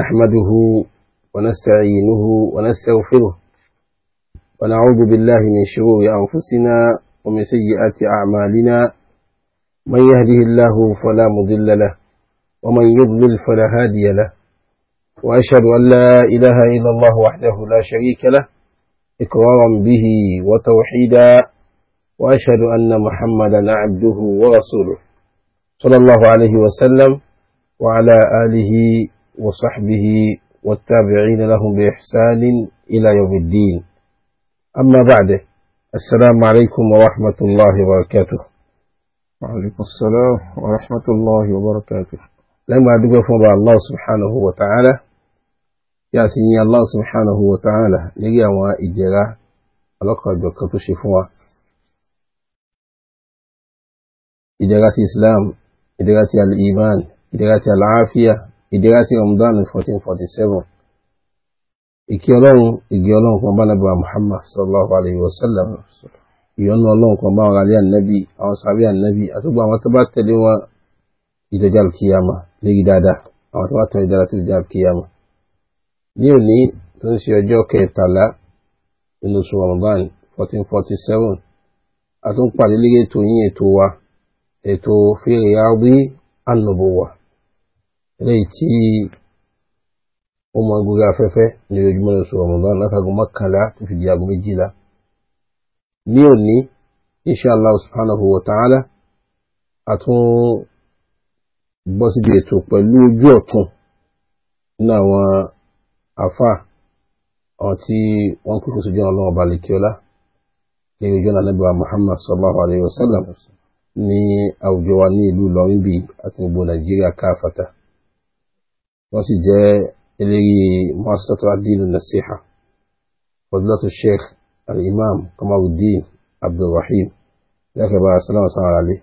نحمده ونستعينه ونستغفره ونعوذ بالله من شرور أنفسنا ومن سيئات أعمالنا من يهده الله فلا مضل له ومن يضلل فلا هادي له وأشهد أن لا إله إلا الله وحده لا شريك له إقرارا به وتوحيدا وأشهد أن محمدا عبده ورسوله صلى الله عليه وسلم وعلى آله وصحبه والتابعين لهم بإحسان إلى يوم الدين أما بعد السلام عليكم ورحمة الله وبركاته وعليكم السلام ورحمة الله وبركاته لما أدقى فضاء الله سبحانه وتعالى يا سيدي الله سبحانه وتعالى لقيا وإجراء ألقى جوكة شفوة إجراء الإسلام إجراء الإيمان إجراء العافية ìdíra sí Ramadan 1447 ìkí ọlọ́run ìgé ọlọ́run kan bá nàbẹ̀wà Muhammad sallallahu alayhi wa sallam ìyọ́nú ọlọ́run kan bá wọn alẹ́ ànábì àwọn sàbí ànábì àtúgbò àwọn tó bá tẹ̀lé wọn ìdọ̀jà kìyàmà lérí dáadáa àwọn tó bá tẹ̀lé dáadáa tó dìjà kìyàmà ní òní tó ń ṣe ọjọ́ kẹtàlá nínú oṣù Ramadan 1447 àtúnpàdé lérí ètò yín ètò wa ètò fèrè àrùbí ànàbọ̀wà eléyìí tí ó máa gorí afẹ́fẹ́ ní ojoojúmọ́ oṣù Ramadan látago mọ́kànlá tó fi di aago méjìlá ní òní inshallah subhanahu wa ta'ala a tún bọ́ síbi ètò pẹ̀lú ojú ọ̀tún nínú àwọn afa àwọn tí wọ́n kúkú sí jọ́nà lọ́wọ́ balẹ̀ kíọ́lá ní ojú ọ̀nà níbi Muhammad sallallahu alayhi wa sallam ní àwùjọ wa ní ìlú Ìlọrin bíi àti gbogbo Nàìjíríà káfàtà wọ́n sì jẹ́ eléyìí muassasatu adilu nasiha fadilatu sheikh al-imam kamauddin abdulrahim lẹ́kẹ̀ bá asalaamu asalaamu alẹ́.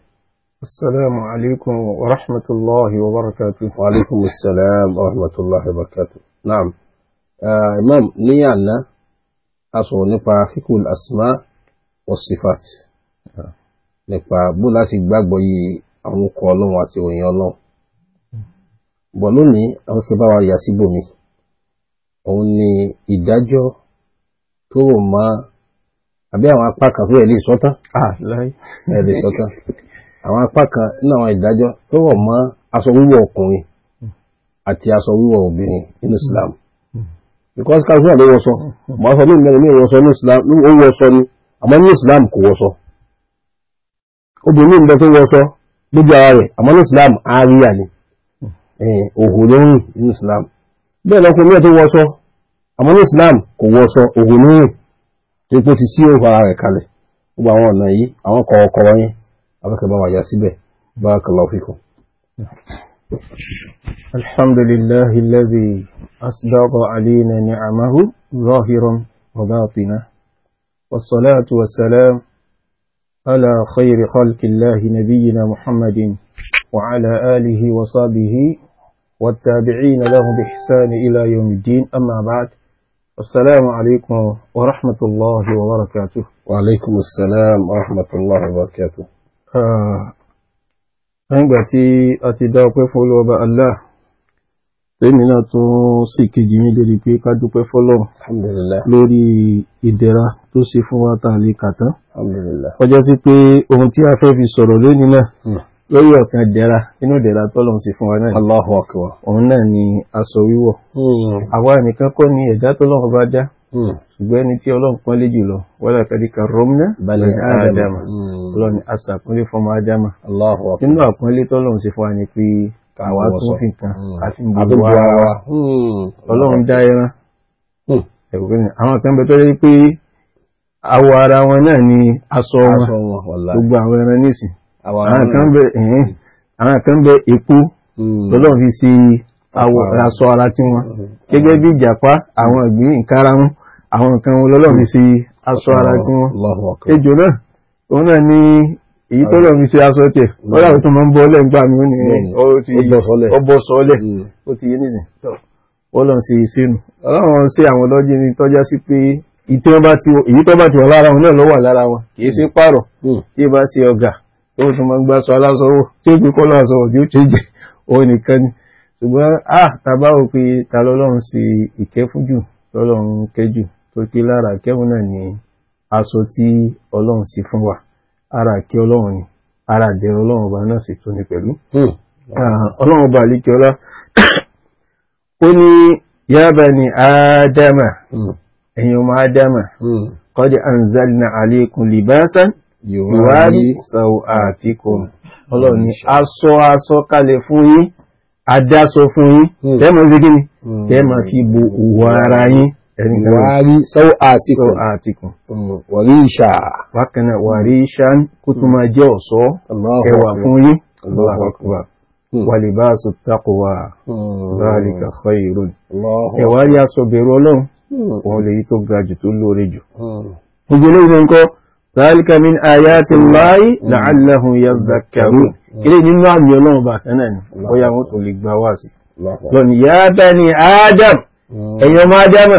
asalaamu alaykum wa rahmatulahi wa barakatu. wa alaykum asalaam wa rahmatulahi wa barakatu. naam imam ní àná a sọ̀rọ̀ nípa fikul asma wa sifat ah. nípa bó láti gbàgbọ́ yìí àwọn ọkọ̀ ọlọ́run àti òyìn ọlọ́run bọ̀ lónìí àwọn kí n bá wa yà síbòmí òun ni ìdájọ́ tó rò mọ́ àbí àwọn apá kan tó yẹ lè sọ tán ah, ẹ lè sọ tán àwọn apá kan nínú àwọn ìdájọ́ tó rò mọ́ aṣọ wíwọ̀ ọkùnrin àti aṣọ wíwọ̀ obìnrin nínú Islam hmm. because káfíà ló wọṣọ màá sọ lóun mẹ́rin ní ìwọṣọ ní Islam ó wọṣọ ni àmọ́ ní Islam kò wọṣọ obìnrin ní ìbẹ́ tó wọṣọ lójú ara rẹ̀ àmọ́ ní Islam àárí àní. òhun ló rìn nínú Islam bẹ́ẹ̀ lọ́kùn mẹ́ẹ̀ tó wọṣọ àmọ́ ní Islam kò wọṣọ òhun ló rìn tó tó fi sí òhun ara rẹ̀ kalẹ̀ gbogbo àwọn ọ̀nà yìí àwọn kọ̀ọ̀kọ̀ọ̀ yẹn afẹ́kẹ́ bá wà yá síbẹ̀ barakallahu fikum. الحمد لله الذي أسبغ علينا نعمه ظاهرا وباطنا والصلاة والسلام على خير خلق الله نبينا محمد وعلى آله وصحبه والتابعين لهم بإحسان إلى يوم الدين أما بعد السلام عليكم ورحمة الله وبركاته وعليكم السلام ورحمة الله وبركاته nígbà tí a ti dá ọpẹ́ fún olúwọba Allah tèmi náà tún sì kejì mi lórí pé ká dúpẹ́ fọ́lọ́run alhamdulillah lórí ìdẹ̀ra tó ṣe fún wa lè kà ọjọ́ sí pé ohun tí a fẹ́ fi sọ̀rọ̀ lónìí náà lórí ọ̀kan dẹ̀ra inú dẹ̀ra tọ́lọ̀ sí fún wa náà Allahu akbar òun náà ni aṣọ wíwọ̀ hmm. àwa nìkan kọ́ ni ẹ̀dá tọ́lọ̀ bá dá hmm. ṣùgbọ́n ẹni tí ọlọ́run pọ́n lé jùlọ wọ́lá kàdíkà rọ́mná balẹ̀ ádámà hmm. ọlọ́run ni aṣàpọ́nlé fọmọ ádámà nínú àpọ́nlé tọ́lọ̀ sí fún wa ni pé àwa tó fi kan àti gbogbo ara ọlọ́run dá ẹran àwọn kan ni aṣọ wọn gbogbo àwọn ẹran àwọn kan bẹ epo hmm. lọ́lọ́ fi sí aṣọ ara tí wọn hmm. gẹ́gẹ́ bí ìjàpá àwọn ìgbín ìkarahun àwọn nǹkan wọn lọ́lọ́ fi sí aṣọ ara tí wọn ejò náà òun náà ní èyí tó lọ́ọ̀ fi ṣe aṣọ tiẹ̀ wọ́n hmm. láwọn tó máa ń bọ́ lẹ́gbàá mi ó ní ọbọ̀ sọ́ọ̀lẹ̀ ó ti yé nìsín wọ́n lọ́n ṣe ìṣẹ́nu ọlọ́run ṣe àwọn lọ́jọ́ ní tọ́já sí pé èyí tó bá ti wà lára wọn náà ló lára wọn kì í ṣe pààrọ̀ kí ẹ bá ṣe ọ̀gà ó tún máa ń gbá sọ aláṣọwọ́ tí ó fi kọ́ lọ́sọ̀wọ̀ tí ó ṣe jẹ́ òun nìkan ni ṣùgbọ́n à tàbá wò pé ta lọ́lọ́run sí ìkẹ́fújù lọ́lọ́run kẹjù tó pé lára kẹ́hùn náà ni aṣọ tí ọlọ́run sì fún wa ara kí ọlọ́run ni ara jẹ́ ọlọ́run ọba náà sì tó ní pẹ̀lú hmm. ọlọ́run ọba àlíkẹ́ ọlá ó ní yába ni ádámà hmm. ẹ̀yin ọmọ ádámà hmm. qad anzalna alaykum libasan yòwárí sàù àtìkò ọlọ́run ni aṣọ aṣọ kalẹ̀ fún yín adáṣọ fún yín tẹ́mọ̀ mm-hmm. sí kí ni tẹ́mọ̀ mm-hmm. fi bo òwò ara yín wàárí sàù àtìkò àtìkò wàrí ìṣà wákanáà wàrí ìṣà kó tún máa jẹ́ ọ̀ṣọ́ ẹwà fún yín mm-hmm. wàlìbáṣọ taqwa zalika khairun ẹwà rí aṣọ bẹ̀rù ọlọ́run òun lèyí tó ga jù tó lóore jù gbogbo olóyìn nǹkan ذلك من آيات الله لعلهم يذكرون إليه نمع يلون باكنان ويموت لقبواسي لون يا بني آدم أيوم آدم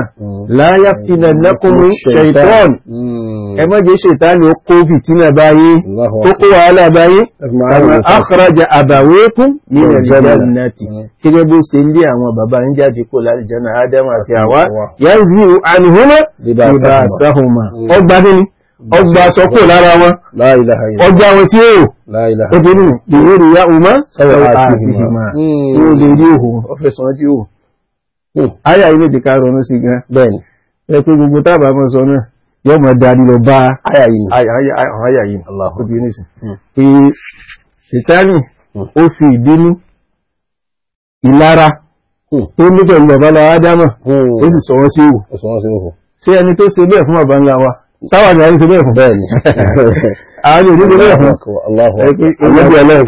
لا يفتننكم الشيطان أما جي شيطان يقو فتنة باي تقوى على باي كما أخرج أبويكم من الجنة كما بيسين لي أما بابا إنجا جيكو لالجنة آدم أسيوا ينزل عنهما لباسهما أو ọgbà sọkò lára wọn ọgbà wọn sí òò ó ti ya ọmọ sọ̀rọ̀ àti ìhìmá hmm. ó lè rí òhò ọfẹ́sàn tí ó ayà ilé ti ronú sí gan ẹ pé gbogbo tábà mọ́ sọ náà mọ̀ darí lọ bá ayà yìí ti ní sí hmm. ìtàní hmm. ó fi ìlara tó ní pẹ̀lú ádámà ó sì sọ wọ́n sí òhò ẹni tó ṣe bẹ́ẹ̀ fún bàbá sáwà ni a ń ṣe bẹ́ẹ̀ ni àwọn yóò ọhụrụ. bẹ́ẹ̀ fún ànábì ọlọ́run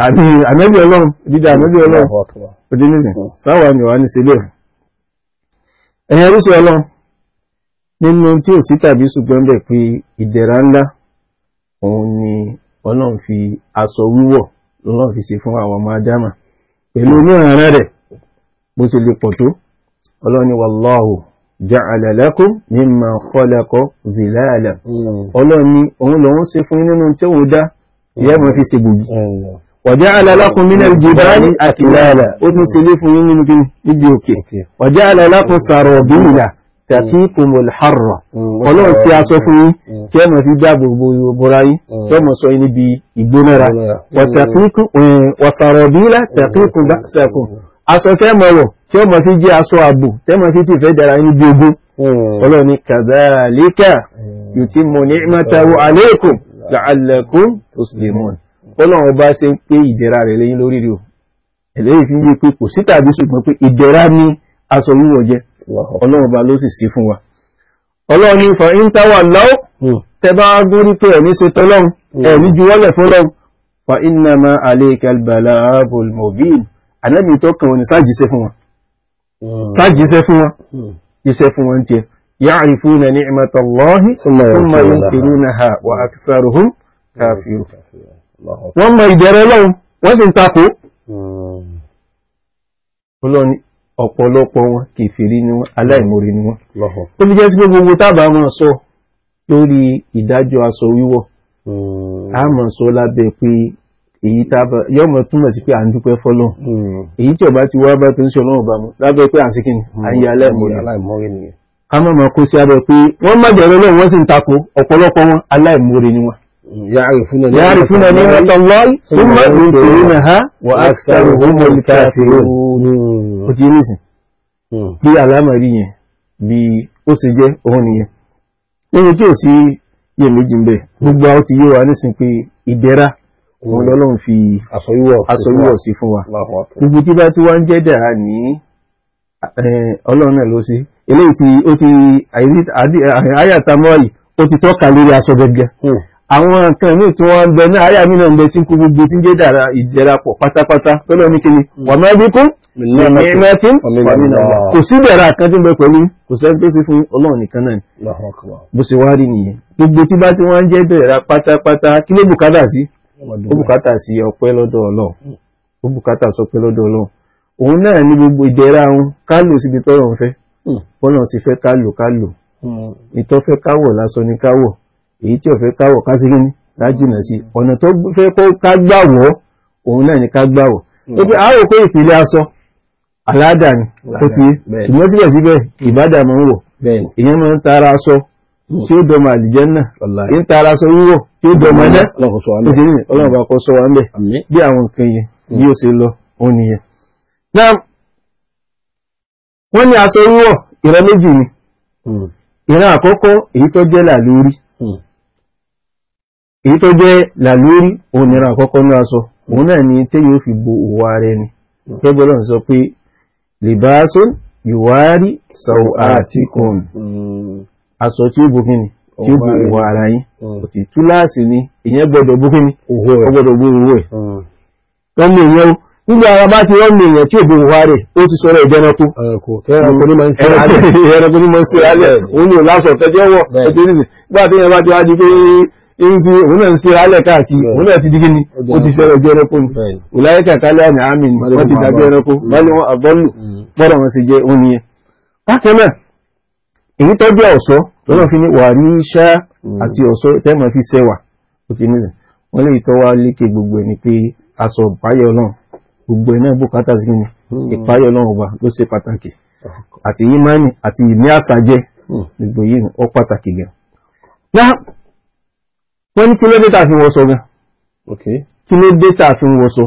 ànábì ọlọ́run dídá ànábì ọlọ́run òdí nísìn sáwà ni wà ní ṣe bẹ́ẹ̀ fún ẹ̀yìn oríṣi ọlọ́run nínú tí ò sí tàbí ṣùgbọ́n bẹ̀ pé ìdẹ̀ra ńlá òun ni ọlọ́run fi aṣọ fi ṣe fún àwọn ọmọ ja'ala lakum mimma khalaqa zìláàlà ọlọ́run ni òun lòun ṣe fún nínú tí ó dá ìyá mọ̀ fi ṣe gbòógì wa ja'ala lakum minal jibali àkìláàlà ó tún ṣe lé fún nínú níbi òkè wa ja'ala lakum sarabila taqikumul harra hmm. ọlọ́run sí aṣọ fún yín hmm. kí ẹ máa fi dá gbogbo ìbora yín tó hmm. mọ̀ sọ níbi ìgbónára wa taqikum eh, wa sarabila aṣọ tẹ́ mọ̀ wọ̀ tí ó mọ̀ sí jẹ́ aṣọ ààbò tẹ́ mọ̀ sí ti fẹ́ dára yín bí ogún hmm. ọlọ́run ni kàdálíkà hmm. yutimmu ni'matahu alaykum la'allakum tuslimun hmm. ọlọ́run bá ṣe pé ìdẹ̀ra rẹ̀ lẹ́yìn lórí rí o ẹ̀lẹ́yìn fi ń yé pé kò sí tàbí ṣùgbọ́n pé ìdẹ̀ra ní aṣọ wíwọ̀ jẹ́ ọlọ́run bá ló sì sí fún wa ọlọ́run ni fa in tawallaw tẹ́ bá gúrí pé ẹ̀ní ṣe tọ́lọ́run ẹ̀ní juwọ́lẹ̀ fọ́lọ́run fa innama alayka al-balagul mubin ànábì tó kàn wọn ni sáàjíṣẹ́ fún wọn hmm. sáàjíṣẹ́ fún wọn jíṣẹ́ hmm. fún wọn tiẹ̀ ya'rifuna ni'matallahi thumma yunkirunaha wa aktharuhum kafirun hmm. wọ́n mọ ìdẹ̀rẹ̀ Ọlọ́run wọ́n sì ń takò ọlọ́ni ọ̀pọ̀lọpọ̀ wọn kèfèrí ni wọ́n aláìmoore ni wọ́n tó fi jẹ́ sí gbogbo tábà máa sọ lórí ìdájọ́ aṣọ wíwọ̀ a máa sọ lábẹ́ pé èyí tá yóò mọ̀ túmọ̀ sí pé à ń dúpẹ́ fọ́lọ́ hmm. èyí tí ọba ti wá bá tó ń ṣe ọlọ́run mu lábẹ́ pé àsìkìn ayé aláìmọ́re nìyẹn ká má máa kó sí abẹ́ pé wọ́n má bẹ̀rẹ̀ lọ́wọ́ wọ́n sì ń takò ọ̀pọ̀lọpọ̀ wọn aláìmọ́re ni wọn. Hmm. ya'rifuna ni'matallahi thumma wa hmm. ní òun lọ́lọ́run fi aṣọ́wíwọ̀ sí fún wa gbogbo tí bá tí wá ń jẹ́ dàá ní ọlọ́run náà ló sí eléyìí tí ó ti àyàtà mọ́ọ̀lì ó ti tọ́ka lórí aṣọ gẹ́gẹ́ hmm. àwọn nǹkan míì tí wọ́n ń bẹ náà àyà mí náà ń bẹ tí kú gbogbo tí ń jẹ́ dàrá ìjẹrapọ̀ pátápátá tọ́lọ́ ní kíni wà máa bí kún kò sí dàrá kan tó ń bẹ pẹ̀lú kò sí fún ọlọ́run ó bùkátà sí ọpẹ́ lọ́dọ̀ Ọlọ́run ó bùkátà sọpẹ́ lọ́dọ̀ Ọlọ́run òun náà ní gbogbo ìdẹ̀ra wọn kálò síbi tọ́rọ̀ ń fẹ́ hmm. bọ́nà sì fẹ́ kálò kálò hmm. ìtọ́fẹ́ káwọ̀ lásán ni káwọ̀ èyí tí ọ̀fẹ́ káwọ̀ kásìkí ní lájìnà sí hmm. ọ̀nà tó fẹ́ kó kágbàwọ̀ òun náà ni kágbàwọ̀ ó pé àárò pé ìpìlẹ̀ aṣọ aládàá ni ó ti ṣùgbọ́n síbẹ̀síbẹ̀ ìbádàá máa ń wọ̀ èèyàn máa ń tara aṣọ tí ó dọmọ àlìjẹ́nà ní tara sọ wíwọ̀ tí ó dọmọ ẹ̀dá ọlọ́run bá kọ́ sọ wa ń bẹ̀ bí àwọn nǹkan yẹn bí ó ṣe lọ ó nìyẹn. na wọ́n ní aṣọ wíwọ̀ ìran méjì ni hmm. ìran àkọ́kọ́ èyí tó jẹ́ làlórí hmm. èyí tó jẹ́ làlórí òun ìran àkọ́kọ́ ní aṣọ hmm. òun náà ni tí yóò fi bo òwò ara ẹni gẹ́gẹ́ lọ́n sọ pé libasun yuwari sawatikum aṣọ tí ó bo kíni tí ó bo òwò ara yín òtí hmm. túláàsì ni èèyàn gbọ́dọ̀ bo kíni ó gbọ́dọ̀ bo òwò ẹ̀ rọ́mì hmm. èèyàn o nígbà ara bá ti rọ́mì èèyàn tí ò bo òwò rẹ̀ ó ti sọ̀rọ̀ ìjọ́nà tó ẹranko ní máa ń ṣe alẹ́ òun ni ò láṣọ tẹ́jọ́ wọ̀ ẹjọ́ nìyí nígbà tí èèyàn bá ti wá di pé ìrìnsí òun náà ń ṣe alẹ́ káàkiri òun náà ti di kíni ó ti fẹ́rẹ̀ jẹ́ ẹranko ni ìláyẹ̀kà kálẹ̀ àmì àmì wọ́n ti dàbí ẹranko hmm. wọ́n ni wọ́n àbọ́lù pọ́rọ̀ wọn sì jẹ́ òun nìyẹn bákan èyí tọ́jú ọ̀ṣọ́ lọ́nà fi ní wà ní ṣá mm. àti ọ̀ṣọ́ tẹ́mọ̀ fi sẹ́wà ó ti nísìn wọ́n lè tọ́wà lékè gbogbo ẹni pé aṣọ ìpáyọ̀ náà gbogbo ẹ̀nà bùkátà sí ní mm. ìpáyọ̀ náà ọba ló ṣe pàtàkì àti ìmánì àti ìní àṣàjẹ́ mm. gbogbo yìí ó pàtàkì gan na wọ́n ní kí ló dé tà fi wọ́sọ gan kí ló dé tà fi wọ́sọ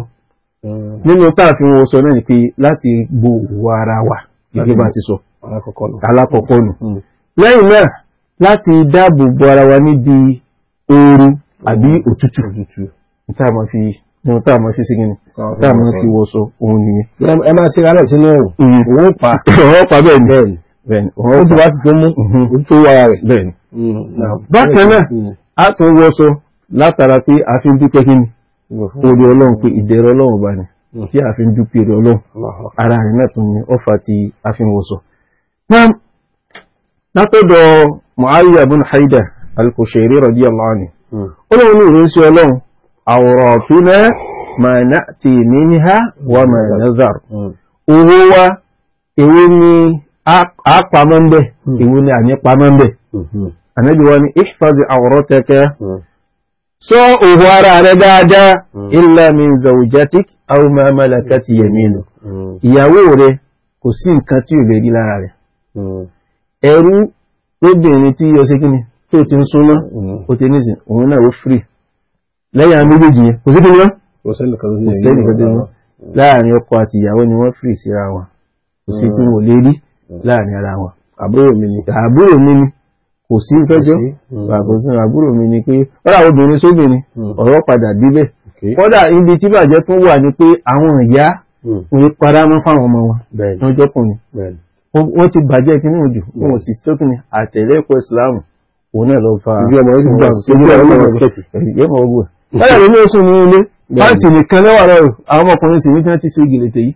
nínú tà fi wọ́sọ náà ni pé láti gbòòrò ara wa gẹ́gẹ́ bá ti sọ alákọ̀ọ́kọ́ nù lẹ́yìn náà láti dáàbò bo ara wa níbi ooru àbí mm. òtútù níta máa fi ohun tá a máa fi sí gíní tá a máa fi wọṣọ ohun nìyẹn. ẹ máa ṣe alẹ́ sínú ẹ̀rù òun mm. pa òun pa bẹ́ẹ̀ ni bẹ́ẹ̀ni òun tó bá ti tó mú òun tó wára rẹ̀ bẹ́ẹ̀ni. Mm. bákan náà a tún wọṣọ látara pé a fi ń dúpẹ́ kí ni orí ọlọ́run pé ìdẹ̀rọ ọlọ́run bá ní tí a fi ń dúpẹ́ orí ọlọ́run ara rẹ̀ náà tún ní ọ̀fà tí a fi ń wọṣọ. látọ̀dọ̀ Mu'awiya bin Haida al-Kushairi radiyallahu anhu. Hmm. Ọlọ́run ní ìrísí ọlọ́run, awratuna ma na'ti minha wa ma hmm. nazar. Hmm. Owó wa, èwo ni a pamọ́ ń bẹ̀, èwo ni àní pamọ́ ń bẹ̀. Ànábì wa ni, ihfaz awrataka. Sọ òhun ara rẹ̀ dáadáa, illa min zawjatik, aw ma malakat yaminuk. Ìyàwó rẹ̀ kò sí nǹkan tí ò lè rí lára rẹ̀. Ẹrú lóbìnrin tí yọ sí kíni tó ti ń súnmọ́ mm-hmm. ó ti ní ìsìn òun náà ó free lẹ́yìn àwọn méjèèjì yẹn kò sí wọ́n kò mm-hmm. ọkọ àti ìyàwó ni wọ́n free síra wọn kò sí tí mo lè rí mm-hmm. láàrin ara wọn àbúrò mi ni àbúrò mi ni kò sí àbúrò mi ni pé ọ̀rọ̀ àwọn obìnrin sóbìnrin ọ̀rọ̀ padà ibi tí bàjẹ́ tún wà ni àwọn ìyá mm. fáwọn ọmọ wọn wọ́n ti bàjẹ́ kínní òjò wọn ò sì tókùn ní àtẹ̀lẹ́kọ̀ ìsìláàmù òun náà lọ fa ìyẹ́mọ̀ ọgbọ̀n ẹ̀rọ ní oṣù ní ilé láti nìkan lẹ́wà rẹ̀ àwọn ọkùnrin sì nígbà tí sí gèlètè yìí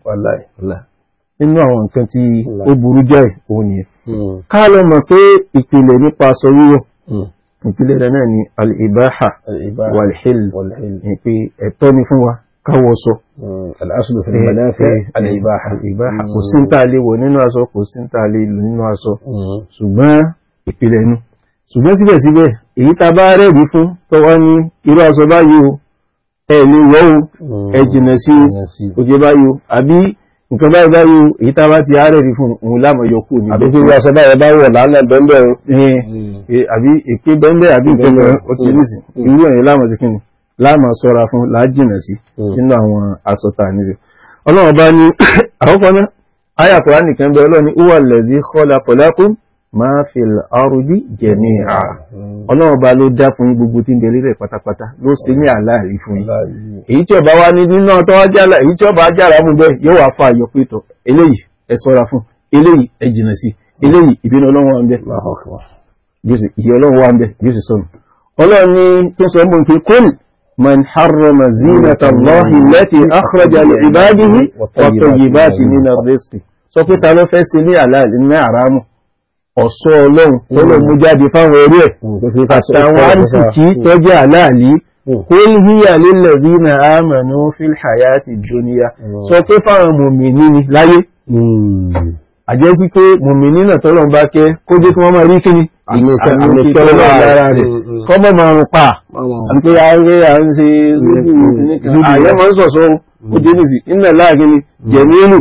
nínú àwọn nǹkan tí ó burú jẹ́ òun nìyẹn hmm. ká lọ mọ̀ pé ìpìlẹ̀ nípa aṣọ wíwọ̀ hmm. ìpìlẹ̀ rẹ̀ káwọ́ sọ mm, al-aslu fil eh, manafi eh, al-ibaha al-ibaha mm. kò sí níta lè wọ̀ nínú aṣọ kò sí níta lè lò nínú aṣọ mm. ṣùgbọ́n ìpìlẹ̀ nu ṣùgbọ́n síbẹ̀síbẹ̀ èyí ta bá rẹ̀rí fún tọwọ́ ní irú aṣọ báyìí o ẹ lè wọ̀ o ẹ jìnà sí o jẹ báyìí o àbí nǹkan báyìí báyìí o èyí ta bá ti rẹ̀ fún òun lámọ̀ yọ kú ní. àbí irú aṣọ báyìí bá wọ̀ lálẹ́ bẹ́ńbẹ́ o. Eh, àbí èké bẹ́ńbẹ́ àbí nǹkan láàmà sọ́ra fún láàjìnà sí hmm. nínú àwọn asọ̀tà níṣẹ́ ọlọ́run bá ní àkọ́kọ́ náà àyà kọ́ra nìkan bẹ́ẹ̀ ọlọ́run ní ó wà lẹ́sí kọ́lá pọ̀lápọ̀ máa fi àrùdí jẹ̀mí à ọlọ́run bá ló dákun gbogbo tí ń bẹ̀rẹ̀ rẹ̀ pátápátá ló ṣe ní àláàrí fún yìí èyí tí ọba wá ní nínú ọtọ́ ajára èyí tí ọba ajára mú bẹ́ẹ̀ yóò wá fa àyọ̀ pé tọ̀ eléyìí ẹ sọ́ra fún eléyìí ẹ jìnà sí eléyìí ìbínú ọlọ́run wa ń bẹ ìyẹ́ ọlọ́run wa ń bẹ yóò sì sọnù ọlọ́run ní tó sọ mọ́ pé kóòlù من حرم زينة الله التي أخرج لعباده والطيبات من الرزق سو pé ta ló fẹ́ sí ní àlàálì ní àrámù ọ̀ṣọ́ ọlọ́run tó lọ mú jáde fáwọn orí ẹ̀ mm. àtàwọn àrísìkí mm. tó jẹ́ àlàálì mm. qul hiya lilladhina amanu fil hayati dunya sọ pé fáwọn mùmínì láyé àjẹ́ sí pé mùmìnì náà tọ́lọ̀ ń bá kẹ́ kó jẹ́ kí wọ́n máa rí kí ni àmìtọ́lọ̀ lára rẹ̀ mm, mm. kọ́mọ̀ máa rùn pa àti ààrẹ à ń ṣe mm, àyẹ́ máa ń sọ̀sọ́ ó jẹ́ nìsí iná láàrin ni jẹ̀mílù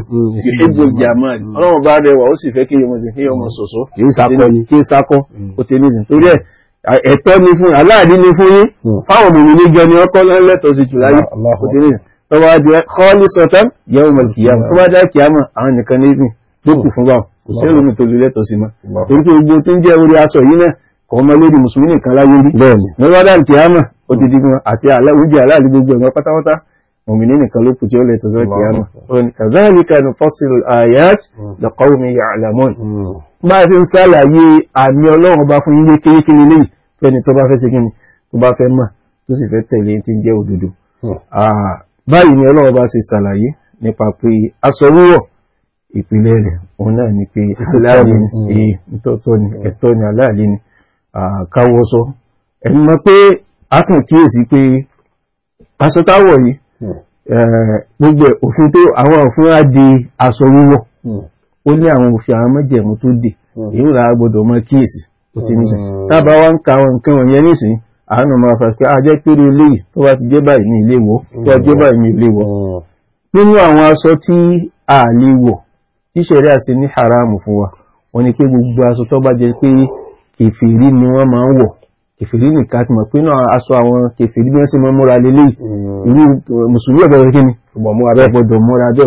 ìṣègbè jàmáàlì ọlọ́run bá rẹwà ó sì fẹ́ kí ọmọ sì kí ọmọ sọ̀sọ́ kí ń sakọ́ ó ti nìsí torí ẹ̀ ẹ̀tọ́ ni fún aláàdí ni fún yín fáwọn mùmìnì gan ni ọkọ́ lẹ́tọ̀ọ́ sí jù ó ti nìsí tọ́wọ́ adìẹ kọ́ọ́lì sọ̀tán yẹ́wọ̀n mọ̀lìkìyàmọ̀ tọ́wọ́ adìẹ kìyàmọ̀ àwọn nìkan ní ló kù fún báwọn kò sí ẹlòmíì tó lè lẹ́tọ̀ọ́ sí ma torí pé gbogbo tí ń jẹ́ orí aṣọ yìí náà kò mọ lórí mùsùlùmí nìkan láyé rí lọ́dọ̀ kìámà ó ti di gan àti oúnjẹ aláàlú gbogbo ẹ̀mọ́ pátápátá mọ̀mìnì nìkan ló kù tí ó lẹ́tọ̀ọ́ sí kìámà kadhalika nufassilu al-ayat liqawmin ya'lamun hmm. Hmm. bá a ṣe ń sàlàyé àmì ọlọ́run ọba fún yíyé kéékèé lélẹ́yìí fẹ́ni tó bá fẹ́ ṣe kíni tó bá fẹ́ mà tó sì fẹ́ tẹ̀lé tí ń jẹ́ òdodo hmm. báyìí ni ọlọ́run ọba ṣe sàlàyé nípa pé aṣọ wíwọ̀ ìpìlẹ̀ rẹ̀ òun náà ni pé aláàlì ni ìtọ́tọ́ ni ẹ̀tọ́ ni aláàlì ni àkáwọ́ sọ ẹ̀yìn mọ́ pé a kàn kíyèsí pé aṣọ táwọ̀ yìí hmm. gbogbo òfin tó àwọn òfin á di aṣọ wíwọ̀ hmm. ó ní àwọn òfin àwọn mẹ́jẹ̀mú tó dè hmm. èyí ra gbọdọ̀ mọ́ kíyèsí ó ti níṣẹ́ tábà wá ń ka àwọn nǹkan wọ̀nyẹn nísìn àánú máa fà pé ajẹ́ péré eléyìí tó bá ti jẹ́ báyìí ní ilé wọ̀ tó bá jẹ́ báyìí ní ilé wọ̀ nínú àwọn aṣọ tí a lè wọ̀ tí ṣẹ̀rẹ́ àṣẹ ní haramu fún wa wọ́n ní pé gbogbo aṣọ tó bá jẹ́ pé kèfèrí ni wọ́n máa ń wọ̀ kèfèrí nìkan ti mọ̀ pé náà aṣọ àwọn kèfèrí bí wọ́n sì mọ́ múra lélẹ̀ mm. irú mùsùlùmí ọ̀gbọ̀n kí ni gbọ́dọ̀ múra bẹ́ẹ̀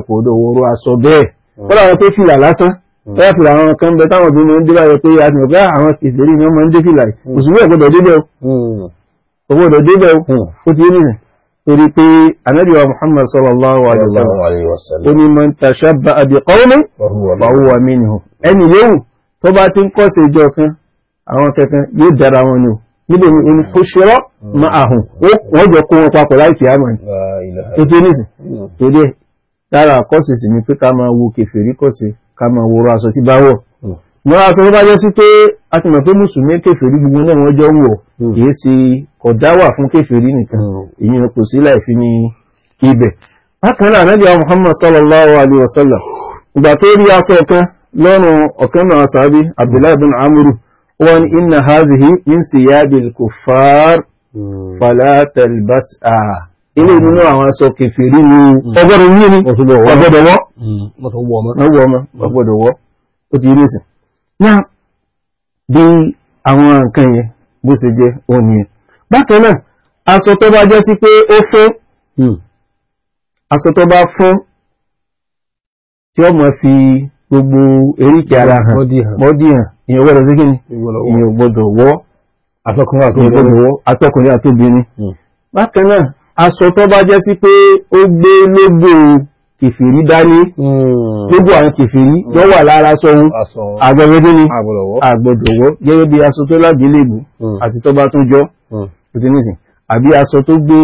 kò dọ̀ wọ́rọ̀ aṣọ bẹ́ẹ̀ mm. kọ́lá wọn pé fìlà lásán tọ́yà mm. fìlà àwọn kan bẹ táwọn obìnrin ń débà ń dé torí pé ànábì wa muhammad sallallahu alaihi wasallam ó ní man tashabbaha bi qawmin fa huwa minhum ẹni yóò tó bá ti ń kọ́ sí ìjọ kan àwọn kankan yóò dára wọn ni o níbi ìrìn kòṣèrọ́ ma àhùn wọ́n jọ kó wọn papọ̀ láì kìí àmà ní tó tí nìsì tó dé dára kọ́sì sí ni pé ká máa wo kèfèrí kọ́sì ká máa wo aṣọ tí bá wọ̀ wọ́n á sọ tó bá jẹ́ sí pé a ti mọ̀ pé mùsùlùmí kèfèrí gbogbo náà wọ́n jọ wọ̀ hmm. kìí ṣe kódà wà fún kèfèrí nìkan ìyẹn hmm. kò sí láìfi ní ibẹ̀ bákan náà Ànábì Muhammad sallallahu alayhi wa sallam ìgbà tó rí aṣọ kan lọ́rùn ọ̀kan náà sàábí Abdullahi bin Amuru wọn inna hazihi min siyabil kuffar hmm. fala talbasha ilé nínú àwọn aṣọ kèfèrí ni ọgbọ́dọ̀ ní ní ọgbọ́dọ̀ wọ́ ọgbọ́dọ̀ wọ́ ó ti rí sìn náà bí àwọn nǹkan yẹn bó ṣe jẹ́ òun nìyẹn bákan náà aṣọ tó bá jẹ́ sí pé ó fún hmm, aṣọ tó bá fún tí ó mọ̀ fi gbogbo eríkì ara hàn bọ́dì hàn ìyẹn gbọ́dọ̀ sí kíni ìyẹn gbọ́dọ̀ wọ́ atọ́kùnrin àtòbìnrin hmm. bákan náà bá jẹ́ sí pé ó gbé lógbò kìfìrí dání hmm. gbogbo àwọn kìfìrí wọ́n hmm. wà lára sọ́wọ́ àgbẹ̀gbẹ̀dé ni àgbọ̀dọ̀wọ́ gẹ́gẹ́ bí aṣọ tó lágbélébù hmm. àti tó bá tó jọ ìtìnísìn àbí aṣọ tó gbé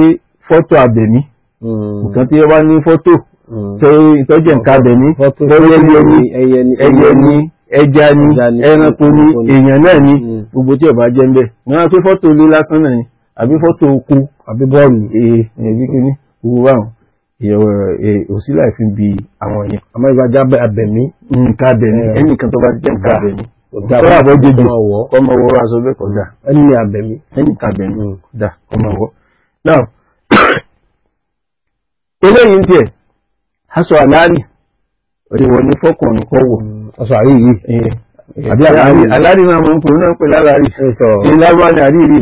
fọ́tò abẹ̀mí nǹkan tí wọ́n ní fọ́tò tọ́jẹ̀ nǹkan abẹ̀mí ẹyẹ ni ẹja ni ẹranko ni èèyàn náà ni gbogbo tí ó bá jẹ́ ń bẹ̀ wọ́n á pé fọ́tò ilé lásán náà ni àbí fọ́tò oko àbí bọ́ọ̀lù èèyàn eh, eh, bí kíní gbogbo báwọn òsílẹ̀ fi bi àwọn yẹn àmọ́ ìbájá abẹ̀mí nǹkan mm, abẹ̀mí eh, ẹnìkan tó bá jẹ́ nǹkan abẹ̀mí kọ́lá àbọ̀ jẹjọ ọmọ wọ aṣọ bẹ́ẹ̀ kọjá ẹni abẹ̀mí ẹnìkan abẹ̀mí kọjá ọmọ wọ. now eléyìí tiẹ̀ aṣọ àlàálì ìwọ ní fọkùnrin kọ́ wọ̀ mm, aṣọ àrí yìí eh, eh, àbí àlàálì náà mọ̀ ń pè ní lára rí ìlànà àrí rí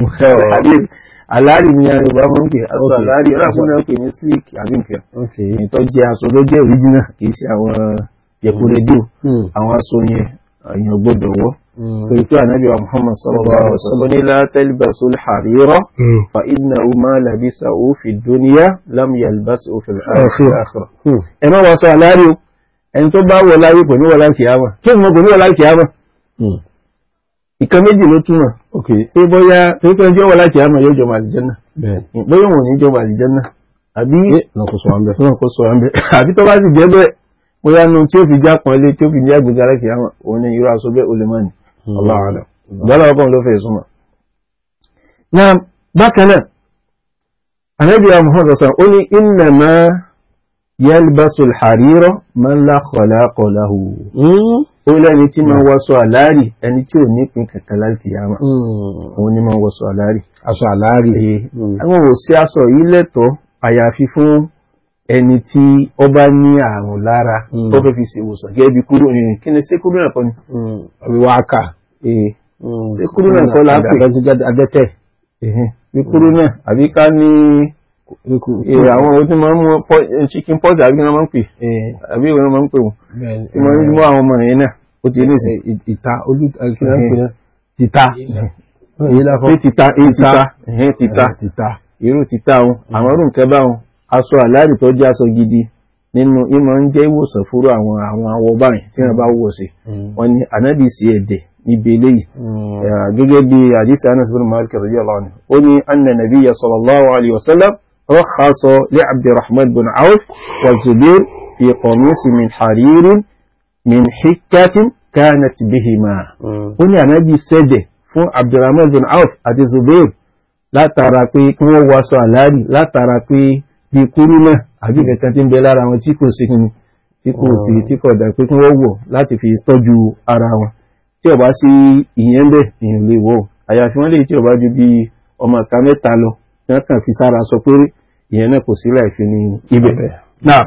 alárì ni yorùbá máa ń pè aṣọ alárì ọlọ́pàá náà pè ní slick àbí nǹkan ìtọ́ jẹ́ aṣọ ló jẹ́ òríjìnà kì í ṣe àwọn yẹ̀kúrẹ́díò mm. mm. àwọn aṣọ yẹn èèyàn gbọ́dọ̀ wọ̀ mm. torí pé ànábì wa muhammad sallallahu alaihi wa sallam ní la talbasul harira fa innahu ma labisahu fi dunya lam yalbashu fil akhirah ẹ má wọ aṣọ alárì o ẹni tó bá wọ láyé kò ní wọ láyé kìámà kí ni mo kò ní wọ láyé kìámà ìkan méjì ló túmọ̀ pé bóyá torí pé ọjọ́ wà láti àmọ̀ yóò jọmọ àlìjẹ́nà bóyá òun ò ní jọmọ àlìjẹ́nà àbí lọ́kọ̀ọ́sọ̀ wà ń bẹ̀ àbí tó bá sì jẹ́ bẹ́ẹ̀ bóyá nu tí ó fi já pọn lé tí ó fi ní àgbègbè aláìsí àmọ̀ òun ni irú aṣọ bẹ́ẹ̀ olè mọ́ni ọlọ́run ìgbàlá ọkàn ló fẹ́ súnmọ́. na bákan náà anabi muhammad ó lẹ́ni tí máa hmm. wọ́sọ àláàrì ẹni tí ò nípin kankan láti yàmà hmm. òun ni máa wọ́sọ àláàrì aṣọ àláàrì hmm. àwọn ò sí aṣọ yìí lẹ́tọ̀ọ́ àyàfi fún ẹni tí ó bá ní àrùn lára tó fẹ́ fi ṣe gẹ́gẹ́ bí kúrò ní eh, kí ni ṣé kúrò náà kọ́ ni. àbíwá aka eh. ṣé kúrò náà kọ́ lápè adẹ́tẹ̀ bí kúrò náà àbí ká ní. Eh, àwọn ohun tí máa ń mú eh, chicken pox àbí wọ́n máa ń pè eh. àbí wọ́n máa ń pè wọ́n tí máa ń mú àwọn ọmọ yẹn náà ó ti ní ìta ojú títà títà títà títà irú títà wọn àwọn ọdún nǹkan bá wọn aṣọ àláàrí tó jẹ́ aṣọ gidi nínú ìmọ̀ ń jẹ́ ìwòsàn fúrú àwọn àwọn awọ báyìí tí wọ́n bá wọ̀ sí hmm. wọ́n ní ànábì sí ẹ̀dẹ̀ níbi eléyìí hmm. gẹ́gẹ́ bí àdísì Anas bin Malik radiyallahu anhu ó ní anna nabiyya sallallahu alayhi wa sallam رخص لعبد الرحمن بن عوف والزبير في قميص من حرير من حكة كانت بهما قل يا نبي سجه fún abdulrahman bin auf àti zubair látara pé kí wọ́n wọṣọ àlárí látara pé bí kúrú náà àbí kankan tí ń bẹ lára wọn tí kò sí kí tí kò sí tí kò dà pé kí wọ́n wọ̀ láti fi tọ́jú ara wọn tí ó bá sí ìyẹn bẹ́ẹ̀ èèyàn lè wọ̀ àyàfi wọ́n lè tí ó bá ju bí ọmọ ìka mẹ́ta lọ náà kàn fi sára sọ pé ìyẹn náà kò sí láìfi ní ibẹ̀. náà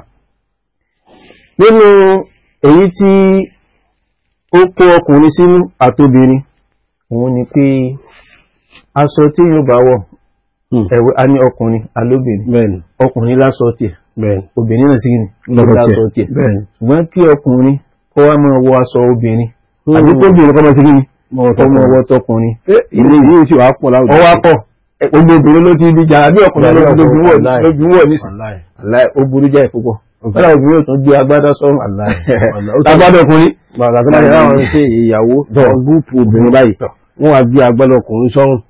nínú èyí tí ó kó ọkùnrin sínú àtobìnrin òun ni pé aṣọ tí yóò bá wọ̀ hmm. ẹ̀wẹ̀ a ní ọkùnrin alóbìnrin ọkùnrin lásọ tiẹ̀ obìnrin náà ni lásọ tiẹ̀ ṣùgbọ́n kí ọkùnrin kó wá máa wọ aṣọ obìnrin hmm. máa sí ni ọmọ ọwọ́ tọkùnrin eh, ilé yìí gbogbo obìnrin ló ti di jàrá bí ọkùnrin lójú wọ̀ nísìn ó burú jẹ́ púpọ̀ ọ̀la obìnrin ò tún gbé agbádá sọ́run agbádá ọkùnrin bàtà máa yàrá wọn ṣe ìyàwó gúúpù obìnrin báyìí wọ́n ah. wá gbé agbádá ọkùnrin sọ́run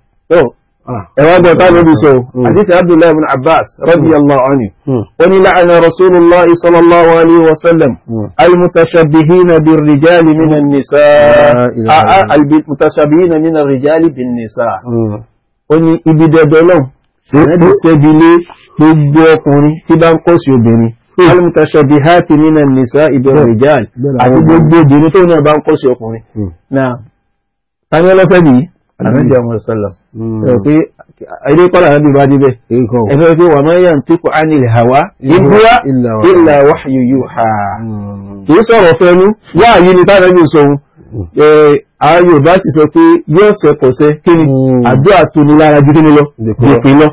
ẹ̀wọ́n gbọ́ tá lóbi sọ àdìsí hmm. abdullahi ibn abbas hmm. radiyallahu anhu hmm. ó ní la'ana rasulullah sallallahu alaihi wa sallam almutashabihina bir rijali minan nisa ah, ah, almutashabihina minan rijali bin nisa ó ní ibi dandan náà ìrẹ́bí sẹ́bi lé gbogbo ọkùnrin tí bá ń kọ́ sí obìnrin alùmùtàṣà bí ha ti nínà nìsá ìbẹ̀rẹ̀ ìjáàl àti gbogbo obìnrin tó náà bá ń kọ́ sí ọkùnrin hmm. náà tani ọlọ́sẹ̀ nìyí àmẹ́jọ ọmọ sọlọ hmm. sọ pé ilé kọ́lá náà bí bá débẹ̀ ẹgbẹ́ wà máa yàn tí kò á hàwá ìbúra ìlà wáyé yóò hà kì í sọ̀rọ̀ fẹ́nu wáyé ni táwọn àwọn yorùbá sì sọ pé yóò sẹkọ̀ọ́sẹ́ kí ni àdúrà tó ní lára ju kí ni lọ gbèpè lọ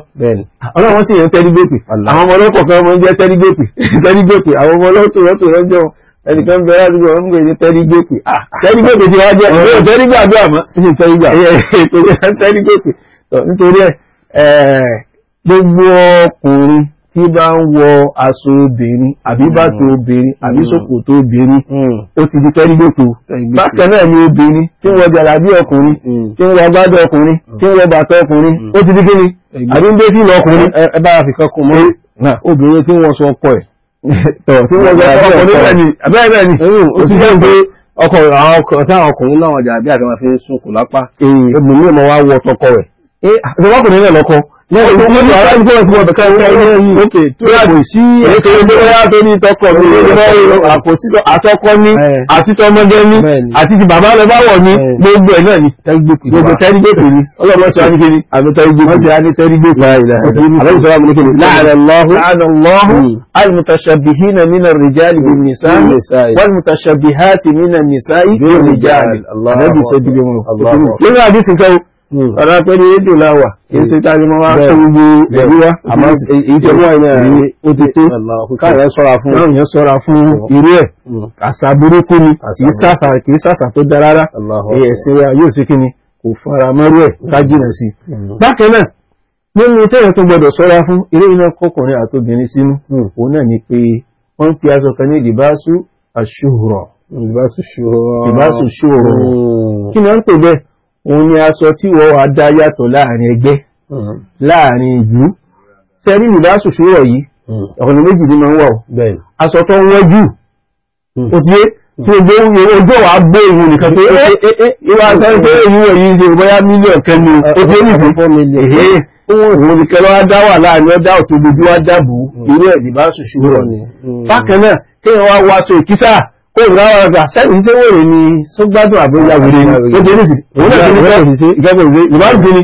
ọlọ́wọ́n sì yẹn tẹ́rí gbèpè àwọn ọmọ ọlọ́pọ̀ kan ọmọ jẹ́ tẹ́rí gbèpè tẹ́rí gbèpè àwọn ọmọ ọlọ́tò rọ́tò rọ́jọ́ ẹnìkan bẹ̀rẹ̀ àdúgbò wọn gbèdé tẹ́rí gbèpè tẹ́rí gbèpè ti wá jẹ́ ọ̀rọ̀ tẹ́rí gbàdúrà mọ́ tẹ́rí gbèpè nítorí ẹ̀ gbogbo ọkùnrin tí bá ń wọ aṣọ obìnrin àbí hmm. bàtò obìnrin àbí hmm. ṣòkòtò obìnrin hmm. ó ti di kẹ́rígbòkò bákan náà ni obìnrin tí wọ́n jàlábí ọkùnrin tí wọ́n gbádùn ọkùnrin tí wọ́n bàtà ọkùnrin ó ti di kí ni àbí ń dé fílù ọkùnrin. ẹ bá a fi kankan mọ obìnrin tí wọ́n sọ ọkọ ẹ̀. tọ̀ tí wọ́n sọ ọkọ ọkùnrin bẹ́ẹ̀ ni abẹ́rẹ́ bẹ́ẹ̀ ni ó ti jẹ́ pé ọkọ̀ àwọn ọkùnrin náà jà bí àtàwọn fi ń sunkùn lápá obìnrin náà ìjọba eh, kò ní ilẹ̀ lọ́kọ́ àtọkọ ní àti tọmọdé ní àti ti bàbá lọ bá wọ̀ ní gbogbo ẹ̀ náà ni gbogbo tẹ́rígbèpè ní ọlọ́pàá sí àníkè ní àmì tẹ́rígbèpè láàrín Allahu al-mutashabbihina mina rijali bin nisa'i wal mutashabbihati mina nisa'i bin rijali Hmm. ọ̀rá hmm. pé hmm. ní èdè láwà kìí ṣe tàbí mọ́ wá fún gbogbo ìwíwá àmọ́ ìjọba ìrìn àrí ó ti tó káàrẹ̀ sọ́ra fún ìyẹn sọ́ra fún irú ẹ̀ àṣà burúkú ni kìí sàṣà tó dá rárá ẹ̀sìn wa yóò sí kíni kò fara mọ́rú ẹ̀ kájìnà sí bákan náà nínú tẹ́yẹ̀ tó gbọdọ̀ sọ́ra fún eré iná kọkùnrin àtobìnrin sínú òun náà ni pé wọ́n ń pe aṣọ kan ní ìdìbásù àṣùrọ̀ ìdìbásù ṣòro kí ni wọ́n ń pè bẹ́ẹ̀ òun ni aṣọ tí wọ́n wá dá yàtọ̀ láàrin ẹgbẹ́ hmm. láàrin ìlú tẹ́rí nìbáṣù ṣúrọ̀ yìí hmm. ọ̀nà méjì ní ma ń wà aṣọ tó wọ́n jù ó hmm. ti yé tí ó gbé ọjọ́ wà gbé ìwọ̀n nìkan tó eh, eh, eh, ìwà sáré tó èyí wọ̀ yìí ṣe bóyá mílíọ̀n kẹnu ó ti ní ìfẹ́ òun nìkan lọ́wọ́ dá wà láàrin ọdá òtòdójú wá dàbò irú ẹ̀ nìbáṣù ṣúrọ̀ ni bákan náà kéèyàn wá wá aṣọ ìkísà olùdáwàgbà sẹ́yìn ṣé wèrè ni tó ni ó ti rísì òun náà ti rísì ìṣe ìgbàgbọ́ ìṣe ìbá ń bini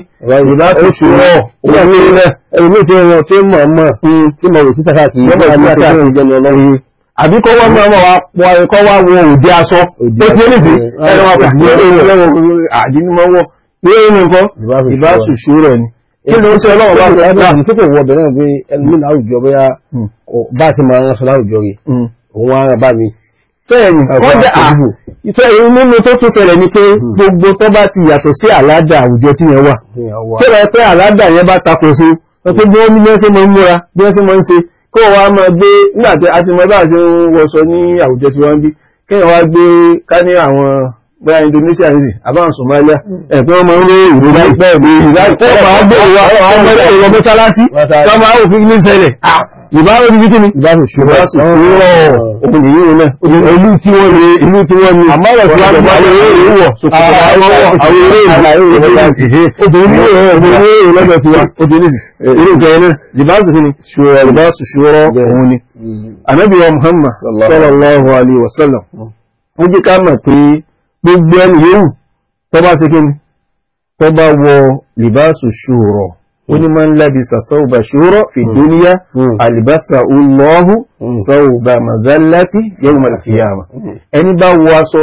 ìbá ń ṣe rọ òun náà ní rẹ ẹni mi ti rọ tí mọ̀ mọ̀ hmm. tí mo rò sí sàkà kì í mọ̀ sí sàkà kì í jẹnu ọlọ́run. Hmm. àbí kọ́ wá máa wá pọ ẹ kọ́ wá wọ òde aṣọ ó ti rísì ẹni wà pà ní ẹni àdínnímọ̀ ní ẹni nǹkan ìbá ṣùṣù rẹ ni kí ló ń ṣe ọlọ́run bá ṣe ẹ̀dá àti tí kò wọ ọbẹ̀ náà bẹ́ẹ̀ni kọ́dà ìfẹ́ nínú tó tún ṣẹlẹ̀ ni pé hmm. gbogbo tó bá ti yàtọ̀ sí àládà àwùjọ tí yẹn wà tí ó pẹ́ àládà yẹn bá tako sí pé bí wọ́n ní bẹ́ẹ̀ sí mọ́ ń múra bí wọ́n sí mọ́ ń ṣe kó wá máa gbé nígbàtí a ti mọ́ bá ṣe ń wọṣọ ní àwùjọ tí wọ́n bí kéèyàn wá gbé ká ní àwọn bóyá Indonesia ní àbáwọn Somalia ẹ̀pẹ́ wọn máa ń rí ìró láìpẹ́ ìró láìpẹ́ ọmọ agbóhùn wa ọmọ ẹgbẹ́ ìrọ̀mọ́sálásí tọ́mọ àwòfin ní ṣẹlẹ̀ ah ìbára ibi kíni ìbára ìṣòro ìlú tí wọ́n ní ìlú tí wọ́n ní àmọ́rẹ̀ tí wọ́n ní àwọn èrò ìwọ̀ tó bá ṣe kí ni tó bá wọ lìbáṣù ṣòro ó ní máa ń lábìsà sọ́ọ̀bà ṣòro fìdúníyà hmm. àlìbásà hmm. olóòhù hmm. sọ́ọ̀bà mazalati yawmal qiyamah ẹni bá wọ aṣọ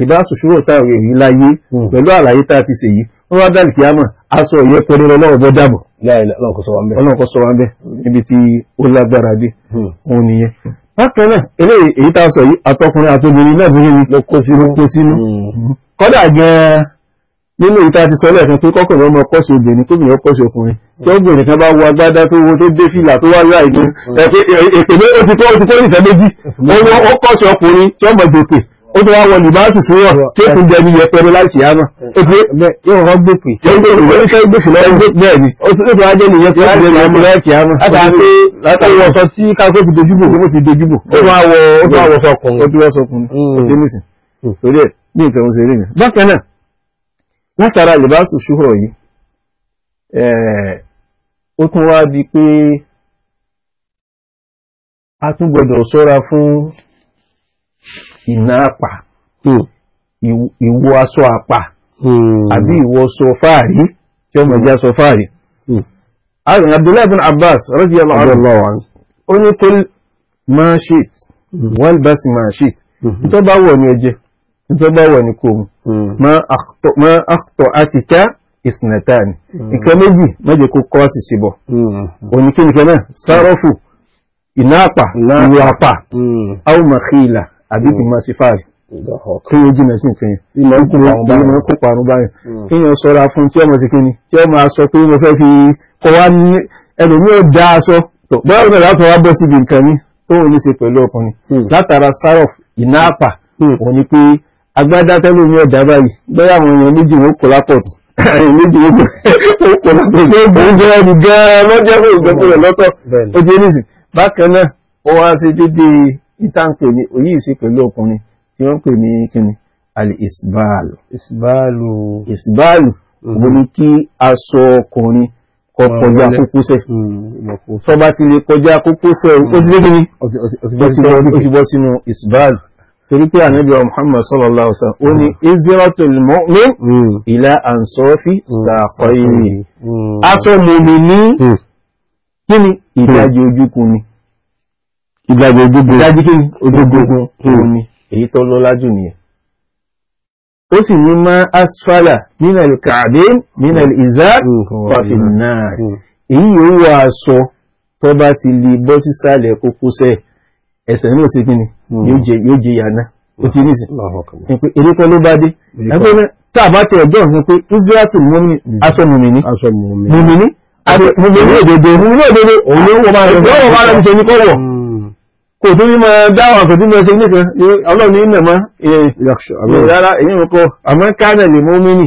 libáṣù ṣòro táwọn èyí láyé pẹ̀lú àlàyé tá a ti ṣèyí wọ́n wá dàlì kíyàmà aṣọ ìyẹ́ pẹ̀lú ọlọ́wọ́ bọ́ dàbọ̀ ọlọ́kọ̀ sọ wa ń bẹ́ níbi tí ó lágbára dé òun nínú ìta ti sọ lẹ́ẹ̀kan pé kọ́kànlọ́ ọmọ pọ́sí obìnrin tó bìnrin pọ́sí ọkùnrin tí obìnrin kan bá wọ agbádá tó wo tó dé fìlà tó wá láì ní èpèlé ó ti kọ́ ìfẹ́ méjì ó pọ́sí ọkùnrin tí ọmọ gbòkè ó tó wá wọ lùbáàsì sí wọn tí ó kún jẹ ní yẹpẹrẹ láti yá náà ó ti yóò rán gbòkè ó ti tó ajé ní yẹpẹrẹ láti yá náà látàrí wọ́n sọ tí káàkó ti dojúbò ó ti dojúbò ó tó wá wọ sọkùnrin ó tó wá sọkùnrin ó ti nísìn hmm. torí ẹ̀ bí nǹkan ó ṣe rí ni bákan náà látara libáṣù ṣúrọ̀ yìí eh, ó tún wá di pé a tún gbọdọ̀ fún ìná àpà hmm. ìwọ aṣọ àpà hmm. àbí ìwọ sọ fáàrí tí ọmọ ìjà sọ fáàrí hmm. Abdullahi bin Abbas radiyallahu anhu ó ní kul ma shit walbas man shit tó bá wọ̀ ní ẹjẹ́ nítorí bá wọ̀ ní kò mú mọ́ àkùtọ̀ àti ká ìsìnẹ̀tà ni nǹkan méjì méje kó kọ́ sí sí bọ̀ oníkíníkẹ́ hmm. náà sárọ́fù iná àpà ìlú àpà àwòmọ̀kìlà àbí ìmọ̀ sí fáàrí kí o jìnà sí nǹkan yẹn ìmọ̀ hmm. kó parun báyìí kí yẹn sọ́ra fún tí ọmọ sí kíni tí ọmọ aṣọ hmm. látara sárọ̀f iná àpà ni pé agbádá tẹ́lú mi ọjà báyìí bẹ́ẹ̀ àwọn èèyàn méjì wọ́n kò lápọ̀ méjì wọ́n kò lápọ̀ tó gbòó jẹ́ ẹni gan-an lọ́jọ́ fún ìgbẹ́kọ̀ rẹ̀ lọ́tọ̀ ó di oníṣì bákan náà ó wá sí dédé ìtànpè ní òyí ìsí pẹ̀lú ọkùnrin tí wọ́n pè ní kíni àlè ìsìbáàlù ìsìbáàlù ìsìbáàlù òun ni kí aṣọ ọkùnrin kọ kọjá kókósẹ̀ tó bá ti lè kọjá kókósẹ̀ ó sì dé kíni ó ti bọ́ sínú ìsìbáàlù torí pé ànábì wa muhammad sallallahu alaihi wasallam ó ní izratul mu'min hmm. ila ansofi hmm. saqayni hmm. aṣọ mòmí ní kí ni ìdajì ojúkun ni ìdajì ojúkun ìdajì kí ni ojúkun òun ni èyí tó lọ́lá jù nìyẹn ó sì ní máa asfala nínà ìkàdín nínà ìzá pàfìnà èyí yóò wá aṣọ tó bá ti lè bọ́ sísàlẹ̀ kókósẹ̀ ẹsẹ̀ náà sí kí ni Hmm. yóò jẹ yàná ó ti rí ìsìn pé èrè kan ló bá dé ẹgbẹ́ náà tá a bá tẹ ẹ̀gbọ́n ni pé israel mọ́mí hmm. aṣọ mùmìnì mùmìnì mùmìnì òdodo mùmìnì òdodo òun ló wọ́n máa rẹ̀ wọ́n máa rẹ̀ ṣe ní kọ́wọ̀ kò tó ní mọ dáwà kò tó ní ọṣẹ nìkan ọlọ́run ní ìnàmọ́ ìrara èyí ń kọ àmọ́ kánà lè mọ́mìnì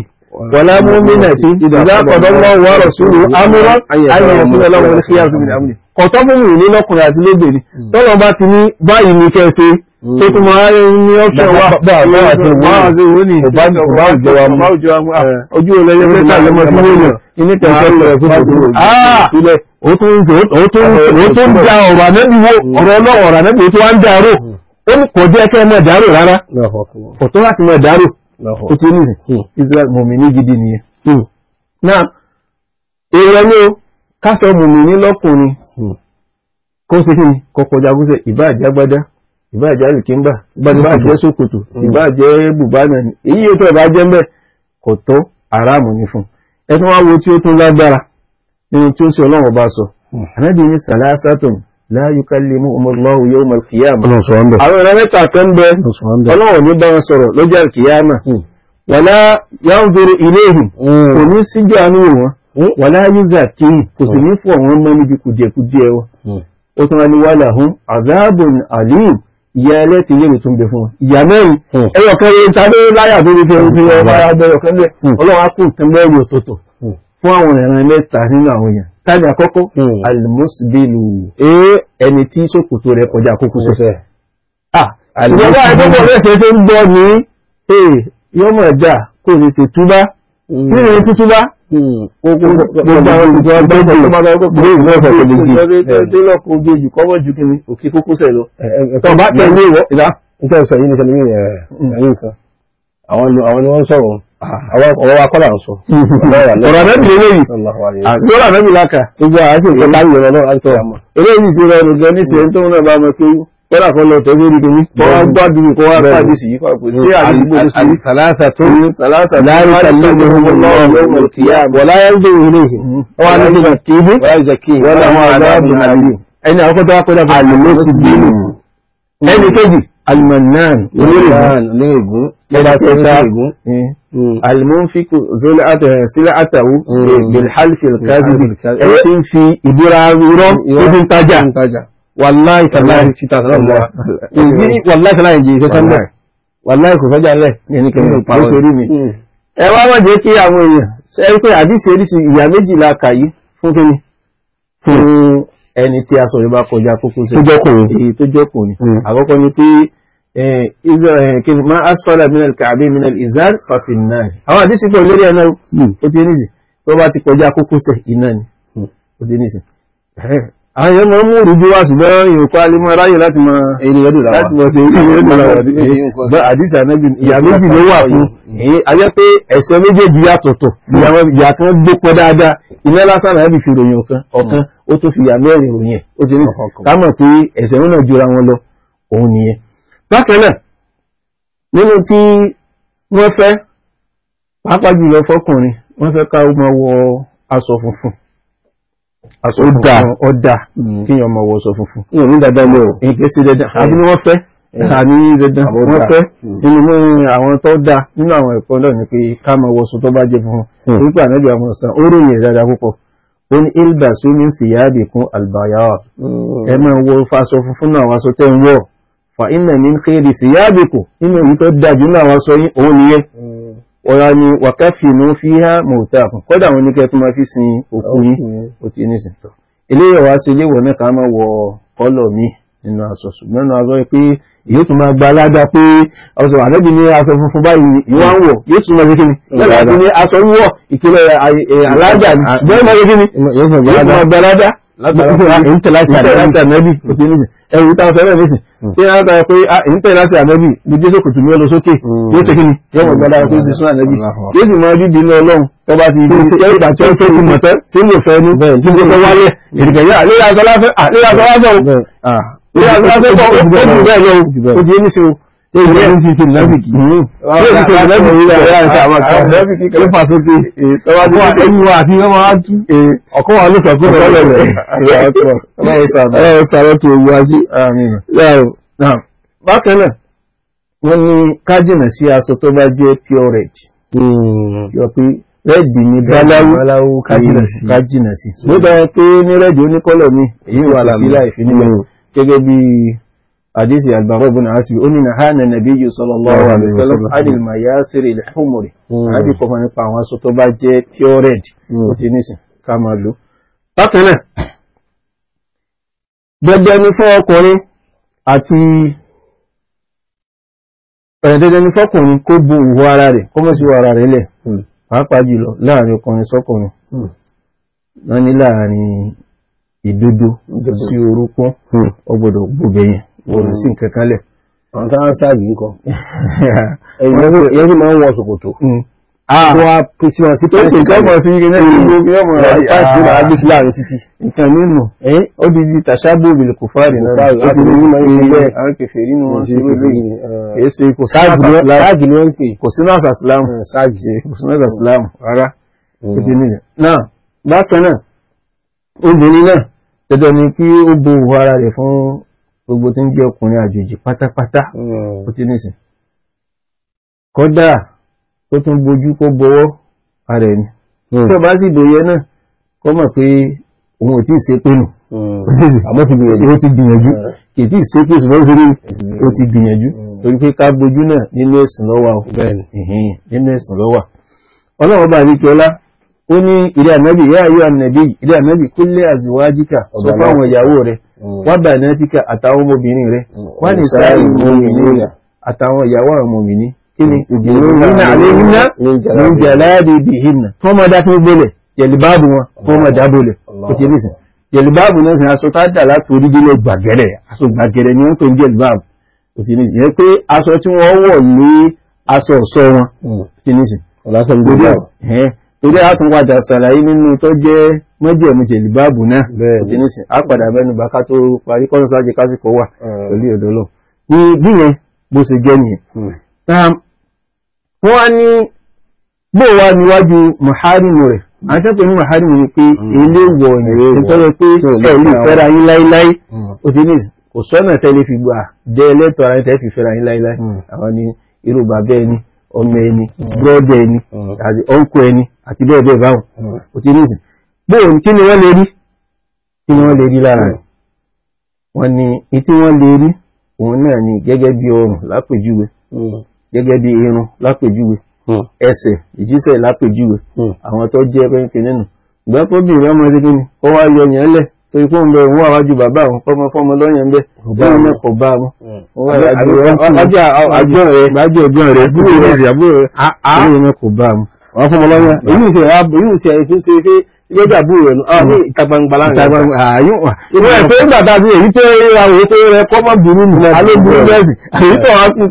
wọ̀lá mọ́mìnì àti ìdàgbàkọ̀dọ́gbọ̀n wọ́rọ̀ sùúrù amúrọ̀ ayẹ̀kọ́ ọlọ́run ní kíyàtúmìnì amúnì ọ̀tọ̀ fún mi ní lọ́kùnrin àti lóbìnrin tọ́lọ bá ti ní báyìí ní kẹ́ ṣe tó tún máa rẹ̀ ní ọ́pṣẹ̀ wà báwọn àti ìwé ní ojú olóyè mẹ́ta lọ́mọ tí wọ́n yàn ní kẹ́kẹ́ ó tún ń da ọ̀rọ̀ ànẹ́bí wo ọ̀rọ̀ ọlọ́wọ̀ ọ̀rọ̀ ànẹ́bí tó wá ń dárò ó ní kò jẹ́ kẹ́ mọ̀ dárò rárá ọ̀tọ́ láti mọ̀ dárò ó ti ní Israel mọ̀mí ní gidi nìyẹn náà èèyàn ní o káṣọ mọ̀mí ní lọ́kùnrin Hmm. kó ṣe kí ni kọ́kọ́ jagun sẹ́ ìbáàjẹ́ agbádá ìbáàjẹ́ àríkínbà ìbáàjẹ́ sókòtò hmm. hmm. ìbáàjẹ́ bùbánà èyí ètò ẹ̀bá jẹ́ mẹ́ kò tọ́ àráàmù ní fún ẹtún wá wo tí ó tún lágbára nínú tí ó sì ọlọ́run ọba sọ ànábì ní sàlásátùn la yukallimuhum Allahu yawm al-qiyamah àwọn ìran mẹ́ta kan bẹ ọlọ́run ní bá wọn sọ̀rọ̀ lọ́jọ́ al-qiyamah wala yanzuru ilayhim kò ní síjú àánú wọn wàlá yúzà tí kò sì hmm. ní fọ̀ wọ́n mọ́ níbi kùdìẹ̀kùdìẹ̀ wọn hmm. ó tún wá ní wàlà hún azabun alim ìyá ẹlẹ́tì ilé ìtún bẹ fún wọn ìyá mẹ́rin hmm. ẹyọ kan ló ń ta lórí láyà tó ní fi fi ọba abẹ́yọ kan lẹ̀ ọlọ́run á kún nǹkan ọ̀tọ̀ọ̀tọ̀ fún àwọn ìran mẹ́ta nínú àwọn èèyàn tani àkọ́kọ́ alimusbilu ee ẹni tí ṣòkòtò rẹ̀ kọjá kókó sẹ́fẹ́ ah, ìjọba ẹgbẹ́ bọ̀ fẹ́ ṣe ṣe ń bọ̀ nínú títí wá àwọn ni wọ́n sọ̀rọ̀ àwọn wa kọ́lá ń sọ ọ̀rọ̀ mẹ́bìnrin léyìí lọ́rọ̀ mẹ́bìnrin láka gbogbo àwọn àti ìkọlá ìrọ̀lọ́ àti ọ̀rọ̀ mọ̀ eléyìí ti rọrùn gan ní ṣe tó ń rẹ̀ bá mọ́ pé kọ́dà kan lọ tẹ́ lórí kìíní kọ́ wá gbádùn kọ́ wá pàdé sí yípa pé sí àdúgbò sí sàlásà tó sàlásà láàrín kàlẹ́gbẹ̀ ọmọ kìíyà wọ̀lá yẹn dé ìrìn wọ́n á nílò kéde wọ́n àwọn aláàbò àlè ẹni àkọ́kọ́ tó wá pẹ́ dàbọ̀ àlùmọ́sí bínú ẹni kejì almanan olóògùn lọ́dà tẹ́ta almunfiku sílẹ̀ àtàwù bilhalfi kazi ẹni tí ń fi ìbúra rọ́ tó fi ń tajà wàláì sàláì síta sàlámùwà èyí wàláì sàláì jẹ ìṣẹ́ sánbẹ̀ wàláì kò fẹ́jà lẹ̀ ẹnikẹ́ni ìpàwọ́ sórí mi hmm. ẹ wá wọ́n jẹ́ kí àwọn èèyàn ṣe pé àdíṣe oríṣi ìyà méjìlá kàyí fún kíni fún hmm. ẹni tí a sọ yóò bá kọjá kókó sí èyí tó jọ́kùn ni hmm. àkọ́kọ́ ni pé ma asfala minal ka'bi minal izar fàfin náà àwọn àdíṣe pé olórí ẹ̀nà ó ti níṣì tó bá ti kọjá kókó sẹ̀ iná ni ó ti níṣì àwọn èèyàn máa ń mú ìrújú wá ṣùgbọ́n èèyàn kọ́ alimọ́ ráyè láti mọ láti mọ ṣe eré ìdúrà wà àdìsí ànábì ìyá méjì ló wà fún ayé pé ẹ̀sẹ̀ méjèèjì yàtọ̀tọ̀ ìyá kan gbé pọ̀ dáadáa iná lásán àbí fi ròyìn ọ̀kan ọ̀kan ó tó fi ìyá mẹ́rin ròyìn ẹ̀ ó ti rí ká pé ẹ̀sẹ̀ náà jura wọn lọ òun nìyẹn. bákan náà nínú tí wọ́n fẹ́ pàápàá jùlọ fọkùnrin wọ́n fẹ́ ká máa wọ aṣọ funfun ọ̀dà ọ̀dà mm. kí yàn mọ̀ wọ́sọ̀ funfun. yàn ní dandan lé o. èyí kẹsí dandan mm. àbí ni wọ́n fẹ́ àní mm. dandan wọ́n fẹ́ nínú mú àwọn tó dá nínú àwọn ẹ̀kọ́ náà ni pé ká mọ̀ wọ́sọ̀ tó bá jẹ funfun. nípa ànábì àwọn ọ̀sán ó ròyìn dáadáa púpọ̀ ó ní ilba sumi siyabi kun albaya ẹ máa wọ faṣọ funfun náà wàṣọ tẹ́ ń wọ̀ fa inna min khairi siyabi kun nínú èyí tó dájú náà wàṣọ yín òun nìyẹn ọ̀rọ̀ ni wàkẹ́fì ní fi há mọ̀tà kan kọ́dà wọn ní kẹtù máa fi sin òkú yí ó ti ní sìn tọ́ eléyọ̀ wá sí iléèwọ̀ náà ká máa wọ kọ́lọ̀ mi nínú aṣọ ṣùgbọ́n náà sọ pé yóò tún máa gba aládá pé ọ̀sọ̀ àlẹ́bí ní aṣọ funfun báyìí yóò wá ń wọ̀ yóò tún máa ṣe kíni lọ́dà aṣọ wíwọ̀ ìpínlẹ̀ e, alájà ní ṣùgbọ́n yóò máa ṣe kíni yóò tún máa gba aládá ìntẹ̀láṣẹ̀ àmẹ́bì ní jésù kùtù ní ọlọ́sókè yóò ṣe kí ni yóò wọ̀n gbọ́dá tó ṣe súnà nẹ́bì yóò sì máa bíbí ní ọlọ́run tó bá ti ìgbà tí ó fẹ́ ti mọ̀tẹ́ tí mo fẹ́ ní tí mo fẹ́ wáyé ìrìnkẹ̀yà léyà sọ́lásẹ̀ tẹ́lẹ̀ ní ṣíṣe lẹ́bìkì ṣíṣe lẹ́bìkì rẹ̀ láti àwọn kan ló fà sókè ẹ̀yìnwá àti ọmọ átú ọkọ̀ wà lókè ọkọ̀ lọ́lẹ̀ rẹ̀ sàrọ̀ tó wá sí bákan náà wọ́n ní kájìnà sí aṣọ tó bá jẹ́ pure red hmm. yọ pé rẹ́ẹ̀dì ni báláwú kájìnà sí hmm. ló bá yẹ pé ní rẹ́ẹ̀dì oníkọ́lọ̀ mi èyí wà láàmú hmm. gẹ́gẹ́ bí حديث البراء بن عازب يقول نهانا النبي صلى الله عليه وسلم عن المياسر الحمر هذه كما نقع واسو تو با جي بيوريد وتنيسن كما لو بكنا dẹ́dẹ́ ní fún ọkùnrin àti kó ìwọ ara kó sí ìwọ ara pàápàá jùlọ láàrin ọkùnrin ní láàrin ìdodo sí òun sì kankan lẹ̀. àwọn tó ń ṣáàgì ń kọ ẹ̀yìn yẹn máa ń wọ ṣòkòtò tó hmm. ah. wá pín sí wọn sí pé nǹkan mọ̀ sí ilé ìlú yọmọ àti àgbè sí láàrin títí. nǹkan nínú ẹ eh? ó di di tàṣàbò òbílẹ̀ kò fáàrí náà láti ní ìmọ̀ ìlú bẹ́ẹ̀ àwọn kẹfẹ́ nínú wọn sí ìlú yìí eh. kì sáàgì ni wọ́n ń pè kò sí náà sàsìlámù eh, kò sí náà sàsìlámù rárá hmm. kò ti níjà. náà bákan náà obìnrin náà dandan ni kí ó bo òwò ara rẹ̀ fún gbogbo tí ń jẹ́ ọkùnrin àjòjì pátápátá hmm. ó ti nìsín kódà tó tún bojú kó bọwọ́ ara ẹni hmm. tí ọba sì dòye náà kọ́ mọ̀ pé òun ò tí ì ṣe pé nù hmm. àmọ́ ti gbìyànjú ó ti gbìyànjú kì í tí ì ṣe pé ṣùgbọ́n ṣe rí ó ti gbìyànjú torí pé ká bojú náà nínú ẹ̀sìn lọ́wà nínú ẹ̀sìn lọ́wà ọlọ́run bá rí kíọ́lá ó ní ilé ànábì yá ayé ànábì ilé ànábì kó àzùwájíkà sọ fáwọn ìyàwó rẹ̀ Mm. wọ́n bà náà tíkà àtàwọn ọmọbìnrin rẹ̀ mm. wọ́n ní sáàrì mọ́mìnì àtàwọn ìyàwó àwọn mọ́mìnì kí ni ìdìnnà àléhìnà níjàláàdì ìdìhìnà tó mọ́ dá fún gbélẹ̀ jẹ̀lìbáàbù wọn tó mọ́ dá bólẹ̀ ó ti rísìn jẹ̀lìbáàbù náà sin aṣọ tá dà láti orí délé gbàgẹ̀rẹ̀ aṣọ gbàgẹ̀rẹ̀ ni wọ́n pè ní jẹ̀lìbáàbù ó ti rísìn yẹn pé aṣọ tí wọ́n wọ̀ ní aṣọ ọ̀ṣọ́ wọn mm. ó ti rísìn. ọ̀làṣọ́ ìgbéyàwó. torí àtúnwájà mọ́jẹ̀mú jẹ̀lìbáàbù náà òtí nísìn á padà bẹ́nu bá ká tó parí kọ́nà tó lájẹ kásìkò wà hmm. pẹ̀lú ìdọ́lọ̀ ní bí bó ṣe jẹ́ nìyẹn hmm. wọ́n á ní bó wà níwájú mọ̀hárìmù rẹ̀ a ní mọ̀hárìmù ni pé hmm. ilé wọ̀ ní tọ́lọ pé ẹ̀lú ìfẹ́ra yín láíláí òtí nísìn kò sọ́nà tẹ́lẹ̀ fi gbà jẹ́ ẹlẹ́tọ̀ ara tẹ́lẹ̀ fi fẹ́ra yín láíláí àwọn ni irú bàbá ẹni ọmọ ẹni brọ́dẹ̀ ẹni àti ọ̀nkù ẹni àti bẹ́ẹ̀ bẹ́ẹ̀ báwọn òtí nísìn bóòrùn kí ni wọ́n lè rí kí ni wọ́n lè rí lára rẹ̀ wọ́n ní etí wọ́n lè rí òun náà ni gẹ́gẹ́ bí ọrùn lápèjúwe gẹ́gẹ́ bí irun lápèjúwe ẹsẹ̀ ìjísẹ̀ lápèjúwe àwọn tó jẹ́ pẹ́ńpẹ́ nínú ìgbà tó bí ìrẹ́mọ sí kí ni ó wá yọ yẹn lẹ̀ tó ikú ń bẹ wọ́n àwájú bàbá àwọn fọ́mọ fọ́mọ lọ́yẹ̀ ń bẹ wọ́n náà kọ̀ bá wọn. àjọ rẹ̀ àjọ ọjọ́ rẹ̀ àbúrò rẹ̀ àbúrò rẹ̀ àbúrò rẹ̀ kọ̀ bá wọn. wọ́n fọ́mọ lọ́yẹ̀ èyí ń ṣe èyí ń ṣe lójú àbúrò rẹ̀ náà ah, ní ìta gbangba láàrin ìwé ẹ̀ tó ń gbàdá sí èyí tó rí ra òye tó rẹ kọ́ mọ́ burú nù alóburú bẹ́ẹ̀sì èyí tó wá kú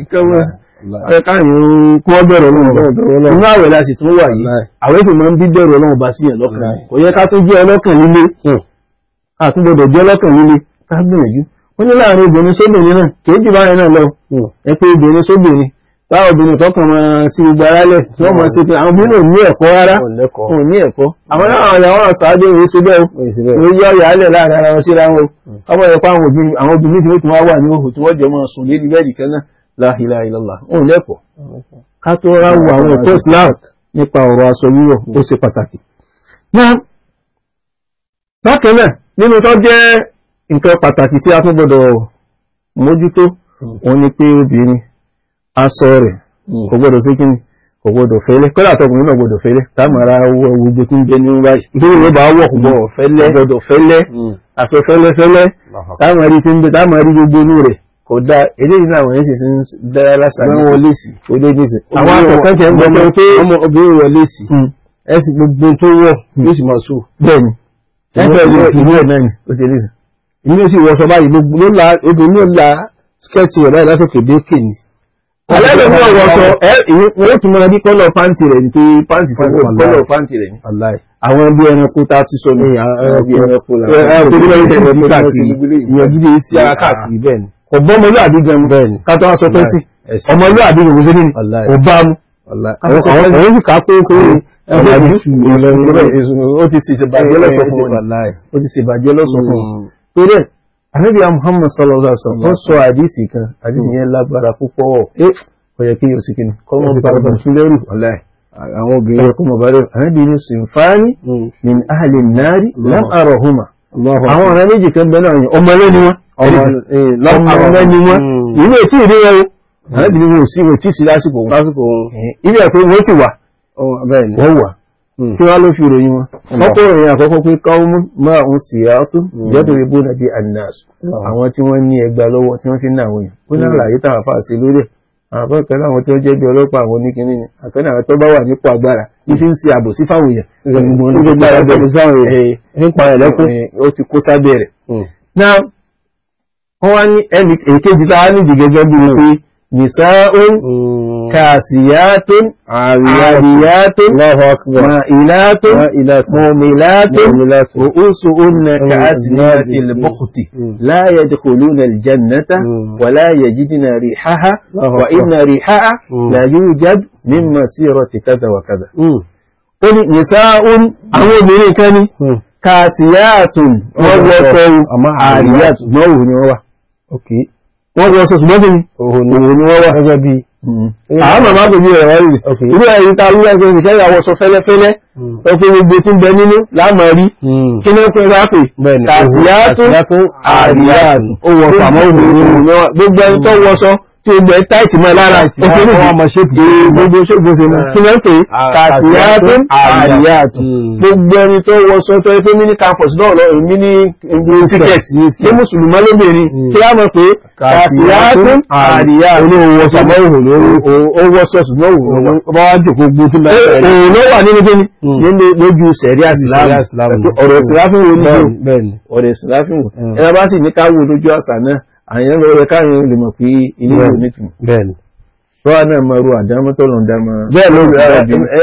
ìkẹwọ́ káàmù kú ọ bẹ̀rẹ̀ ọlọ́run inú àwẹ̀ la sì tún wà yìí àwẹ̀ sì máa ń bí bẹ̀rẹ̀ ọlọ́run bá síyàn lọ́kàn kò yẹ ká tó jẹ́ ọlọ́kàn líle àtúgbọdọ̀ hmm. jẹ́ ọlọ́kàn líle ká gbìyànjú ó ní láàrin obìnrin sóbìnrin náà kéèjì báyẹn náà lọ hmm. ẹ pé obìnrin sóbìnrin láwọn obìnrin tó kàn máa sí gbogbo ara lẹ̀ wọ́n mọ̀ sí pé àwọn obìnrin ò ní ẹ̀kọ́ rárá ò ní ẹ̀kọ́ àwọn náà àwọn àwọn sàájú òun sí bẹ́ẹ̀ ó yọ ìyálẹ̀ láàrin ara wọn síra wọn mm. ọmọ ẹ̀kọ́ àwọn obìnrin àwọn obìnrin tí ó tún wá wà ní òhù tí wọ́n jọ máa sùn lédi bẹ́ẹ̀dì kan náà láhìlá ìlọ́lá ò lẹ́kọ̀ọ́ ká tó rá wo àwọn ẹ̀kọ́ Islam nípa ọ̀rọ̀ aṣọ wíwọ̀ ó ṣe pàtàkì. bákan náà nínú aṣọ rẹ̀ hmm. kò gbọ́dọ̀ sí kí ni kò gbọ́dọ̀ fẹ́lẹ́ kọ́lá àtọkùnrin náà gbọ́dọ̀ fẹ́lẹ́ támàrà wọ gbogbo tí ń bẹ ní báyìí bí ìwé bá wọ̀ kò gbọ́dọ̀ fẹ́lẹ́ aṣọ fẹ́lẹ́ fẹ́lẹ́ támàrí tí ń bẹ támàrí gbogbo inú rẹ̀ kò dá eléyìí náà wọ́n sì ń dára lásán ní wọ́n lèsì ó dé lèsì àwọn akọ̀kọ́ tẹ̀ ń gbọmọ pé ọmọ obìnrin wọ̀ lèsì hmm. ẹ sì gbogbo tó wọ̀ yóò sì máa sùn bẹ́ẹ̀ni ẹgbẹ́ ìwé ìwé ẹ̀ náà ni ó ti lèsì ìmí ó sì wọ alẹ́lẹ́ ní ọ̀rọ̀ sọ ẹ́ ìwé tí mo rẹ̀ bí kọ́lọ̀ pàǹtì rẹ̀ pé pàǹtì fún kọ́lọ̀ pàǹtì rẹ̀ àwọn bí ẹranko tá a ti sọ ní àwọn bí ẹranko làwọn tó bí lọ́yìn tẹ̀lé ní káàkiri ìyẹn bí lè ṣe ara káàkiri bẹ́ẹ̀ ni kò bọ́ ọmọlúwàbí gan bẹ́ẹ̀ ni ká tó wá sọ pé sí ọmọlúwàbí kò sí nínú kò bá mu àwọn yìí ká pé pé ó ti ṣèbàjẹ́ lọ́sọ̀ fún wọn hmm ànábì Muhammad sallallahu alaihi wasallam ó sọ àdìsí kan àdìsí yẹn lágbára púpọ̀ ẹ kò yẹ kí yóò sì kí ni kọ́mọ bá bá fún lẹ́rù ọ̀la ẹ̀ àwọn obìnrin kọ́mọ bá lẹ́rù ànábì ní sinfani min ahli nari lam arahuma àwọn ọ̀rẹ́ méjì kan bẹ́ẹ̀ náà ọmọ lẹ́ni wọn ọmọ lẹ́ni wọn ilé tí ì àbí ni wọn ò sí wọn tí sí lásìkò wọn. ibi ẹ̀ pé sì wà. wọ́n wà. kí wá ló fi ròyìn wọn wọ́n kó ròyìn àkọ́kọ́ pé káwọ́mú máa ń sì áátú jẹ́tòrí bó nàbí anas àwọn tí wọ́n ní ẹgbà lọ́wọ́ tí wọ́n fi ń náà wọ̀nyàn ó náà hmm. láyé táwọn afá sí lórí ẹ̀ àwọn afẹ́kẹ́ láwọn tí wọ́n jẹ́ bí ọlọ́pàá àwọn oníkíní ni àwọn bá wà nípò agbára ń ṣe àbò sí fáwọn èèyàn wọ́n wá ní a نساء كاسيات عاريات الله أكبر مائلات مؤملات أن كأسنات البخت لا يدخلون الجنة ولا يجدن ريحها وإن ريحها لا يوجد من مسيرة كذا وكذا نساء كاسيات obìnrin kan ní kàásíyàtùn wọ́n lọ́sọ̀rọ̀ àríyàtùn náà ni wọ́n wọ́n sọ ṣùgbọ́n kìí òhun ni wọ́n wá gẹ́gẹ́ bí hmm. àwọn màmá kò ní ẹ̀rọ rí irú ẹ̀rí ta rí ẹgbẹ́ ìṣẹ́ ìyàwó sọ fẹ́lẹ́fẹ́lẹ́ ọkọ̀ hmm. gbogbo tí ń bẹ nínú láàmà rí hmm. kí ní pẹ́ rápè kàṣíyàtún àríyàtì ó wọ pàmọ́ òmìnir tí o gbẹ táìtì mọ́ lára eh, gbogbo ṣégbèsè mọ́ eh, kí lọ́n pé kàtíyàtún àríyàtún hmm. gbogbo ẹni tó wọ sọ́tọ́ ipé mini campus náà lọ èmi ní ticket ní mùsùlùmọ́ lóbìnrin hmm. kí á mọ̀ pé kàtíyàtún àríyàtún owó sọ́ọ̀sù náà wọ́n wá jòkó gbó tó lọ́wọ́ òun ló wà nínú gbéni hmm. nínú lójú sẹ̀rí àsìláàmù ọ̀rọ̀ ìsìláàfíwò ní ọ̀rọ̀ ìsìláàfíwò ẹ̀rọ bá sì ní káwò lójú àṣà náà àyẹn lọ yẹ káyọ̀ lè mọ̀ pé ilé ìlú ní tìmọ̀. bẹ́ẹ̀ni. tó wà náà mọ irú àdámọ́ tó lọ ń dá mọ. bẹ́ẹ̀ ló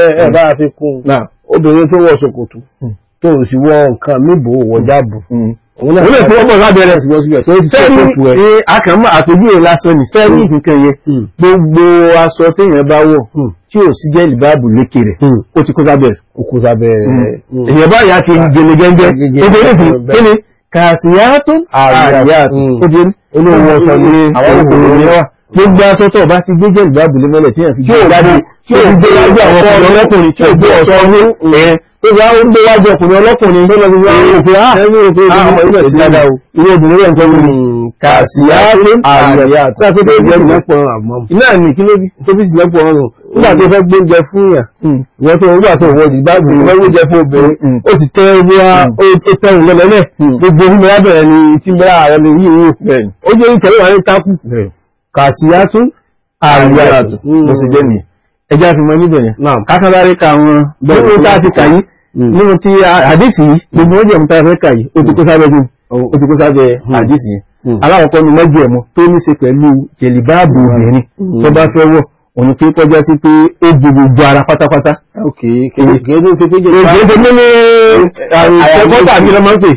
ẹ ẹ bá a fi kún un obìnrin tó wọ ṣòkòtò hmm. tó ò sì wọ nǹkan níbo wọ hmm. jáàbù. Hmm. òun lè fi ọmọ lábẹ́ rẹ̀ ṣùgbọ́n síbẹ̀ tó ti ṣe kókò ẹ̀. sẹ́ni akàmọ́ àtòjú ẹ̀ lásán ni sẹ́ni ìkankan yẹn gbogbo aṣọ téèyàn bá wọ̀ tí ò sí jẹ́ ìbáàbù lékè rẹ̀ ó ti kó sábẹ́ rẹ̀. ó kó sábẹ́ rẹ̀. èèyàn báyà ti gẹlẹgẹlẹ kàṣíyàtún àríyàtún mm. ó di inú wọn sọ ní àwọn òkùnrin mm. ní wà gbogbo aṣọ tó bá ti gbégbé ìgbàbùlé mọ́lẹ̀ tí yàn fi gbé ìgbàdé tí ó gbé wájú àwọn ọkùnrin ọlọ́kùnrin tí ó gbé ọ̀ṣọ́ ní ìyẹn tó bá ń gbé wájú ọkùnrin ọlọ́kùnrin tó lọ gbogbo àwọn òfin kàṣíyá àríyá tí ó jẹ́ ìlẹ́pọ̀ ọ̀rọ̀ àmọ́ náà ní kí ló bí tó bí ìlẹ́pọ̀ ọ̀rọ̀ nígbà tó fẹ́ gbóúnjẹ fún yàn hmm. ìwọ́n tó nígbà tó wọ́n ìgbàgbé ìwọ́n gbóúnjẹ fún obìnrin hmm. ó sì tẹ́ bí a hmm. ó tẹ́rùn lọ́lọ́lẹ̀ gbogbo ohun mẹ́ra bẹ̀rẹ̀ ni tí mẹ́ra rẹ̀ lè yí ìwò ó jẹ́ ìkẹ́lẹ́ wà ní tákù kàṣíyá tún àríyá tún mo sì jẹ́ nìyẹn ẹjá fi mọ níbẹ̀ yẹn kákàbárí ka wọn nínú tá a sì kà yìí nínú ti àdìsí ah, gbogbo ó jẹ́ mú tá a fẹ́ kà yìí ó ti kó sábẹ́ gbogbo ó ti kó sábẹ́ àdìsí yẹn aláwọ̀kọ́ ni mẹ́jẹ̀mú tó ní ṣe pẹ̀lú jẹ̀lìbáàbù obìnrin tó bá fẹ́ wọ̀ òní pé kọjá sí pé ó di gbogbo ara pátápátá. kìí ṣe pé ní àyàkọ́tà kí ló máa ń pè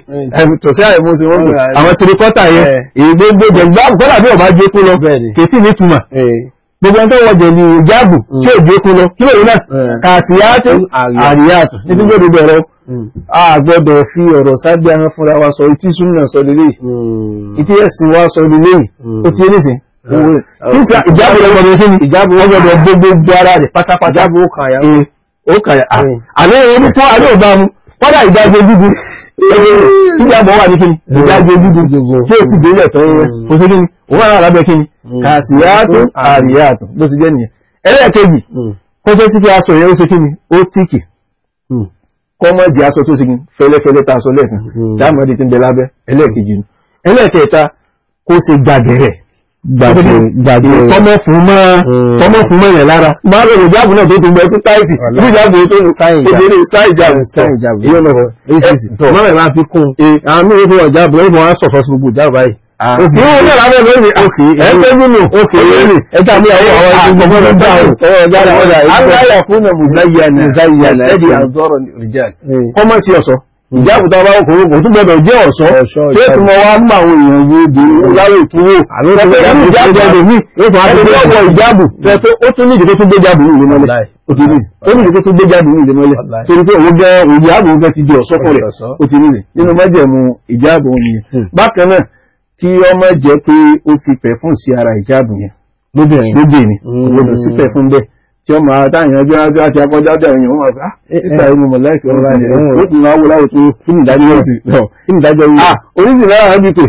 tòṣí àyẹ̀mú sí wọ́n pè àwọn tirikọ́tà yẹn èyí gbogbo jẹ̀lìbáàbù kọ́là bí ọ̀bá jẹ́ kó lọ kètì nítumà gbogbo ẹni tó wọ jẹ̀lú ìjáàbù mm. tí ò jókun lọ kí lòun náà mm. kàṣíyàtì mm. àríyàtì títí gbọ́dọ̀ bẹ̀rẹ̀ àgbọ́dọ̀ fi ọ̀rọ̀ sábẹ́ ahọ́n fúnra wa sọ ìtí súnmọ́ sọ lélẹ̀ ìtí ẹ̀sìn wa sọ lélẹ̀ ó ti ní sìn sísà ìjáàbù rẹ̀ gbọ́dọ̀ kí ni ìjáàbù wọ́n gbọ́dọ̀ gbé gbogbo ara rẹ̀ pátápátá ó kàyà àlẹ́ ìwé tó àlẹ́ ò nígbà bọ̀ wà ní kíni mm. ìdájọ́ ojúgbogbo tí ó ti gbé ilẹ̀ tán rẹ̀ kò sí kíni òun àrà lábẹ́ kíni mm. kàṣíyàtò mm. àríyàtò ló ti jẹ́ nìyẹn ẹlẹ́ẹ̀kejì kó tó sí pé aṣọ yẹn ó ṣe kíni ó tíkì kọ́ mọ́ di aṣọ tó ṣe kíni fẹ́lẹ́fẹ́lẹ́ ta aṣọ lẹ́ẹ̀kan dáàmọ́dé ti ń bẹ lábẹ́ ẹlẹ́ẹ̀kejì ẹlẹ́ẹ̀kẹta kó ṣe gbàgẹ̀rẹ̀ gbàgbé tọ́mọ́ fún mọ́ tọ́mọ́ fún mọ́ yẹn lára máa lọ rẹ̀ jáàbù náà tó tún gbẹ́ fún táìsì ní ìjáàbù tó ń obìnrin sáìjáàbù sáìjáàbù yóò lọ rẹ̀ mọ́ rẹ̀ máa fi kún àwọn míràn fún ọ̀jáàbù lọ́wọ́ wọn sọ̀sọ̀ sí gbogbo ìjáàbù báyìí Ìwọ́n ní àlàáfẹ́ lórí ẹgbẹ́ nínú òkèèrè ẹjá ní àwọn àwọn ìgbìmọ̀ ló dá o. Àwọn ìyá fún ọmọ Mùsáyà náà. Mùsáyà náà. Ẹ̀dì àzọ́rọ̀ rìjẹ́. Kọ́mọ́sí ọ̀sọ́ ìjáàbùtà bá wọ́n kòrókò tún gbọ́dọ̀ jẹ́ ọ̀ṣọ́ tí ó tún mọ́ wá mú àwọn èèyàn yìí di láwẹ̀ ìtúwò àwọn ìjáàbù ó tún ní ìdíkó tún gbé jáàbù ní ìlú mọ́lẹ̀ ó ti rí ó ní ìdíkó tún gbé jáàbù ní ìlú mọ́lẹ̀ torí pé òun jẹ́ ìjáàbù ó fẹ́ ti di ọ̀ṣọ́ fún rẹ̀ ó ti rí nínú májẹ̀mú ìjáàbù òun yẹn hmm. bákan náà kí ọmọ jẹ́ pé ó fi pẹ̀ fún sí ara ìjáàbù yẹn lóbìnrin lóbìnrin lóbìnrin hmm. sí pẹ̀ fún bẹ́ẹ̀ tí ó máa táyàn ẹjọ́ ẹjọ́ àti akọjá dáyàn wọ́n máa ah, eh, sísà eh, inú mọ̀láìkì ọ̀rọ̀ ìrìn oh. ó tún máa wó láwùjọ fún ìdájọ́ òsì fún ìdájọ́ òsì ah, oníṣìí náà á dìtò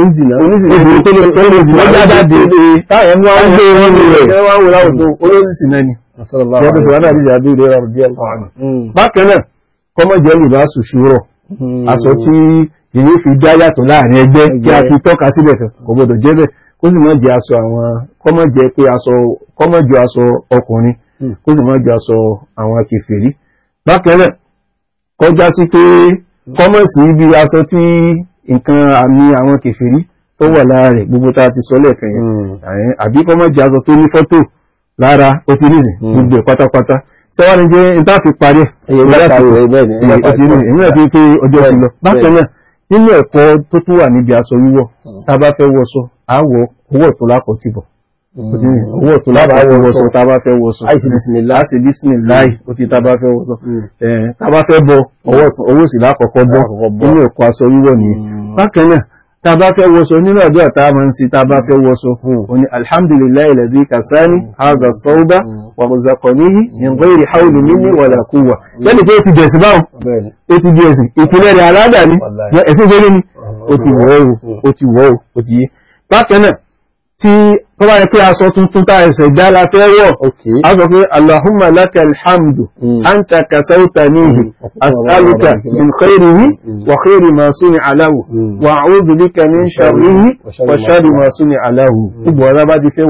oníṣìí náà tó lè tó lè jìnnà jáde táyàn wá ń gbé wọn ní rẹ̀ wá wó láwùjọ olóṣìṣì náà ni yàtọ̀ sí wọn náà àdíjà ah, hmm. bí ìrora rẹ̀ díẹ̀ bákan náà kọ́mọ jẹ́ lùbá sùsùrọ̀ hmm. aṣọ tí èyí fi dá yàtọ̀ láàrin kó sì má jẹ́ aṣọ àwọn kọ́mọ̀ jẹ́ pé aṣọ kọ́mọ̀ ju aṣọ ọkùnrin hmm. kó sì má ju aṣọ àwọn akẹfẹ̀rí bákan náà kọjá sí pé kọ́mọ̀ sí ibi aṣọ tí nǹkan àmì àwọn kẹfẹ̀rí tó wà lára rẹ̀ gbogbo tá a ti sọ lẹ́ẹ̀kan yẹn hmm. àbí kọ́mọ̀ jẹ́ aṣọ tó ní fọ́tò lára ó ti nìsín hmm. gbogbo ẹ̀ pátápátá sẹ́wọ́n jẹ́ ìta parí ẹ̀yẹ̀ ìgbà àwọ owó ọ̀tún lápọ̀ tìbọ̀ owó ọ̀tún lápọ̀ wọ́sọ tàbá fẹ́ wọ́sọ àṣì bísímìláì ó ti mm. tàbá fẹ́ wọ́sọ tàbá mm. mm. fẹ́ bọ owó sì lákọ̀ọ́kọ́ bọ́ nínú ẹ̀kọ́ aṣọ wíwọ̀ nìyẹn bákan náà tàbá fẹ́ wọ́sọ nínú ọjọ́ ta ma ń si tàbá fẹ́ wọ́sọ òní alhamdulillahi ladhi kasani haza sauda wa ruzaqanihi min ghairi hawli minni wala quwwa lẹ́nu pé ó ti dẹ̀sí báwọn ó ti dẹ̀sí ìpínlẹ̀ rẹ̀ aládàá ẹ̀sìn sórí ni ó ti wọ́ ó ti wọ́ ó ti yé bákan náà tí tó bá yẹ pé aṣọ tuntun tá ẹsẹ̀ dá la fẹ́ wọ̀ a sọ pé allahumma laka alhamdu hmm. anta kasauta nihi hmm. as'aluka min khairihi hmm. wa khairi ma suni alahu wa a'udhu bika min sharrihi wa sharri ma suni alahu gbogbo ọ̀rá bá ti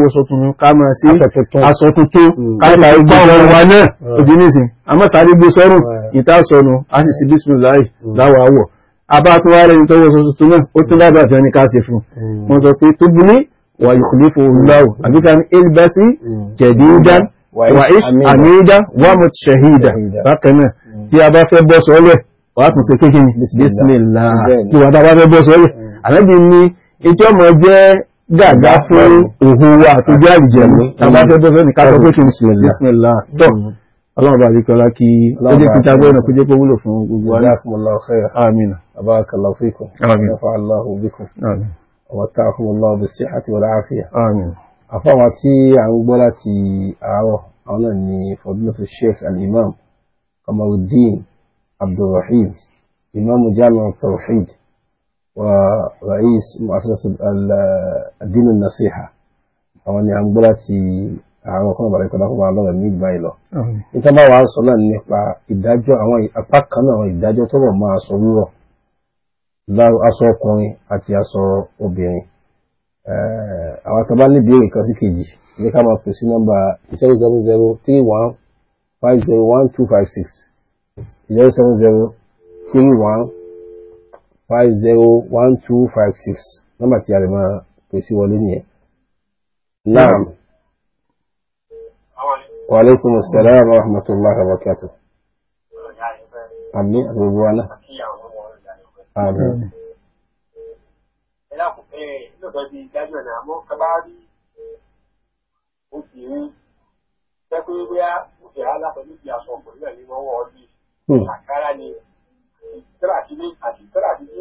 máa sí aṣọ abá tó wá lẹ́yìn tọ́wọ́ tuntun tó náà ó tún lábàá tí wọ́n ní ká ṣe fún hmm. wọn sọ pé tó bu ní wà yukhlifu Allahu hmm. àbíká ní ilbasi hmm. jadidan wà ish amida wà mut shahida bákan náà tí a bá fẹ́ bọ́ sọ́lẹ̀ wà á tún ṣe kékeré bismillah ọlọ́run bá rí kọlá kí ó jẹ́ kí tágbé ọ̀nà kó jẹ́ kó wúlò fún gbogbo wa. jazakumullahu khairan amina barakallahu fikum amina nafa allahu bikum amina wa ta'akum allah bi sihhati wal afiya amina. àfọwọ́ tí a ń gbọ́ láti àárọ̀ àwọn náà ni fadilatu sheikh al-imam kamaruddin abdulrahim imam jamiu tawhid wa rais mu'assasat ad-din nasiha àwọn ni a ń gbọ́ láti àwọn kan bàrẹ̀ kọ́lá fún wa lọ́rọ̀ ní ìgbà ìlọ. níta bá wa ń sọ náà nípa ìdájọ́ àwọn apá kan náà àwọn ìdájọ́ tó rọ̀ mọ́ aṣọ wúrọ̀ láru aṣọ ọkùnrin àti aṣọ obìnrin. àwọn tó bá ní ìbéèrè kan sí kejì ní ká máa pè sí nọ́mbà zero seven zero three one five zero one two five six zero seven zero three one five zero one two five six nọ́mbà tí a lè máa pè sí wọlé nìyẹn. Naam. وعليكم السلام ورحمة الله وبركاته àmì àgbègbè wa náà. àmì. ẹ dákun ẹ lóòótọ́ di dájú ọ̀nà àmọ́ kábà rí obìnrin jẹ́ pé bóyá òkè aláṣọ níbi aṣọ ọkùnrin náà ní wọ́n wọ́ ọ bí àkàrà ni tẹ́lá àti ní àti tẹ́lá àti ní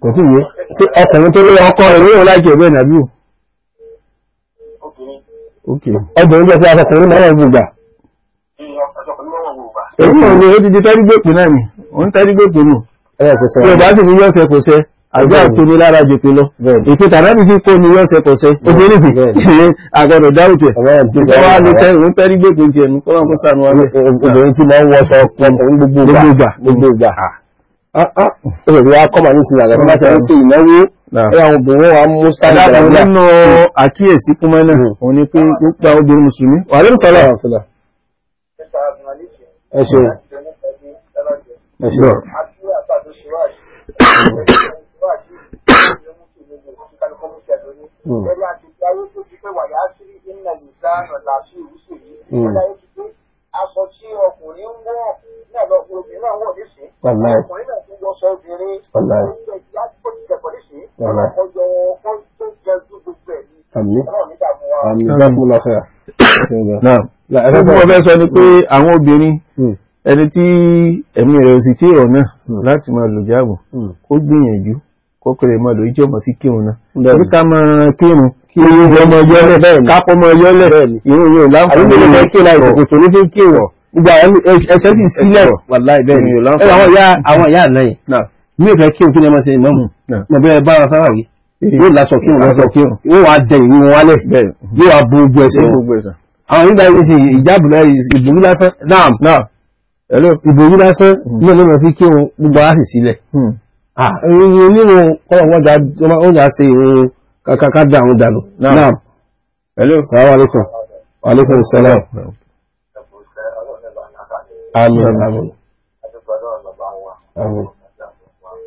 kò sí yìí ọkùnrin tó lé ọkọ rẹ̀ ló ń lájẹ̀ bẹ́ẹ̀ nàbí o ọdún jẹ́ pé akọkùnrin mọ́wọ́ gbogbo èyí ò ní ó ti di tẹ́rígbèpè náà ni ó ń tẹ́rígbèpè nù tí ó bá sì ní yọ́sẹ̀ kò sẹ́ àgbà tó ní lára jèpè lọ ìpè tàbí sí kó ní yọ́sẹ̀ kò sẹ́ obìnrin sì àgọ́dọ̀ dáwùtẹ̀ ìgbà wa ló tẹ́ ìrún tẹ́rígbèpè tiẹ̀ nù kọ́ wọn kó sànù wa bẹ́ẹ̀. obìnrin tí máa ń wọṣọ gbogbo ìgbà Ah, Ìròyìn akọ́mà ní ìsinmi àgbà bá ṣe ń ṣe ìnáwó ẹ̀yàwó obìnrin wa mú stáàlì ìgbàlá. Ẹ̀dàbọ̀ nínú àkíyèsí fún mẹ́nà òun ni pé ó pa obìnrin Mùsùlùmí. Wà lórí sọ́lá. Ẹ ṣeun. Ẹ ṣeun. Wàlá. Wàláì. Wàláì. Àmì. Àmì dákun fẹ́. Ẹ̀fẹ́ tí mo fẹ́ sọ ni pé hmm. àwọn obìnrin hmm. ẹni tí ẹ̀mí rẹ̀ sì tí ọ̀nà hmm. láti máa lò jáàbù ó gbìyànjú kọ́kọ́rẹ́ máa lò ìjọ́ mọ̀ fi kírun náà. Bí ká máa kírun kí oúnjẹ ọmọ yọ́lẹ̀ kápọ̀ ọmọ yọ́lẹ̀ ìrún yóò láǹfààní ìrún kí láì kòkòtò ní kí wọ̀ gbogbo ẹsẹ̀ sì sílẹ̀ wàláì bẹ́ẹ̀ ni yóò láǹfààní. Àwọn ìyá àlẹ́ yìí mi ò fẹ́ kí òkú ni ẹ máa ṣe ìmọ̀mù mo bẹ́ẹ̀ bá ara sára yìí eh. yóò lásọ kí òun lásọ kí òun yóò wá dẹ ìwé wọn wálẹ̀ yóò wá bo gbogbo ẹsẹ̀ wọn. àwọn nígbà yìí sì ìjáàbù náà ìbòmú lásán naam ìbòmú lásán ní ọ̀nà ìmọ̀ fi kí òun gbogbo ara sì sílẹ̀. onírò hmm. ah, kọ́lọ̀ wọn wọn jà ṣe ìwọ̀n kàkàkà dà àwọn dànù naam. salaam aleykum aleykum salaam. àmín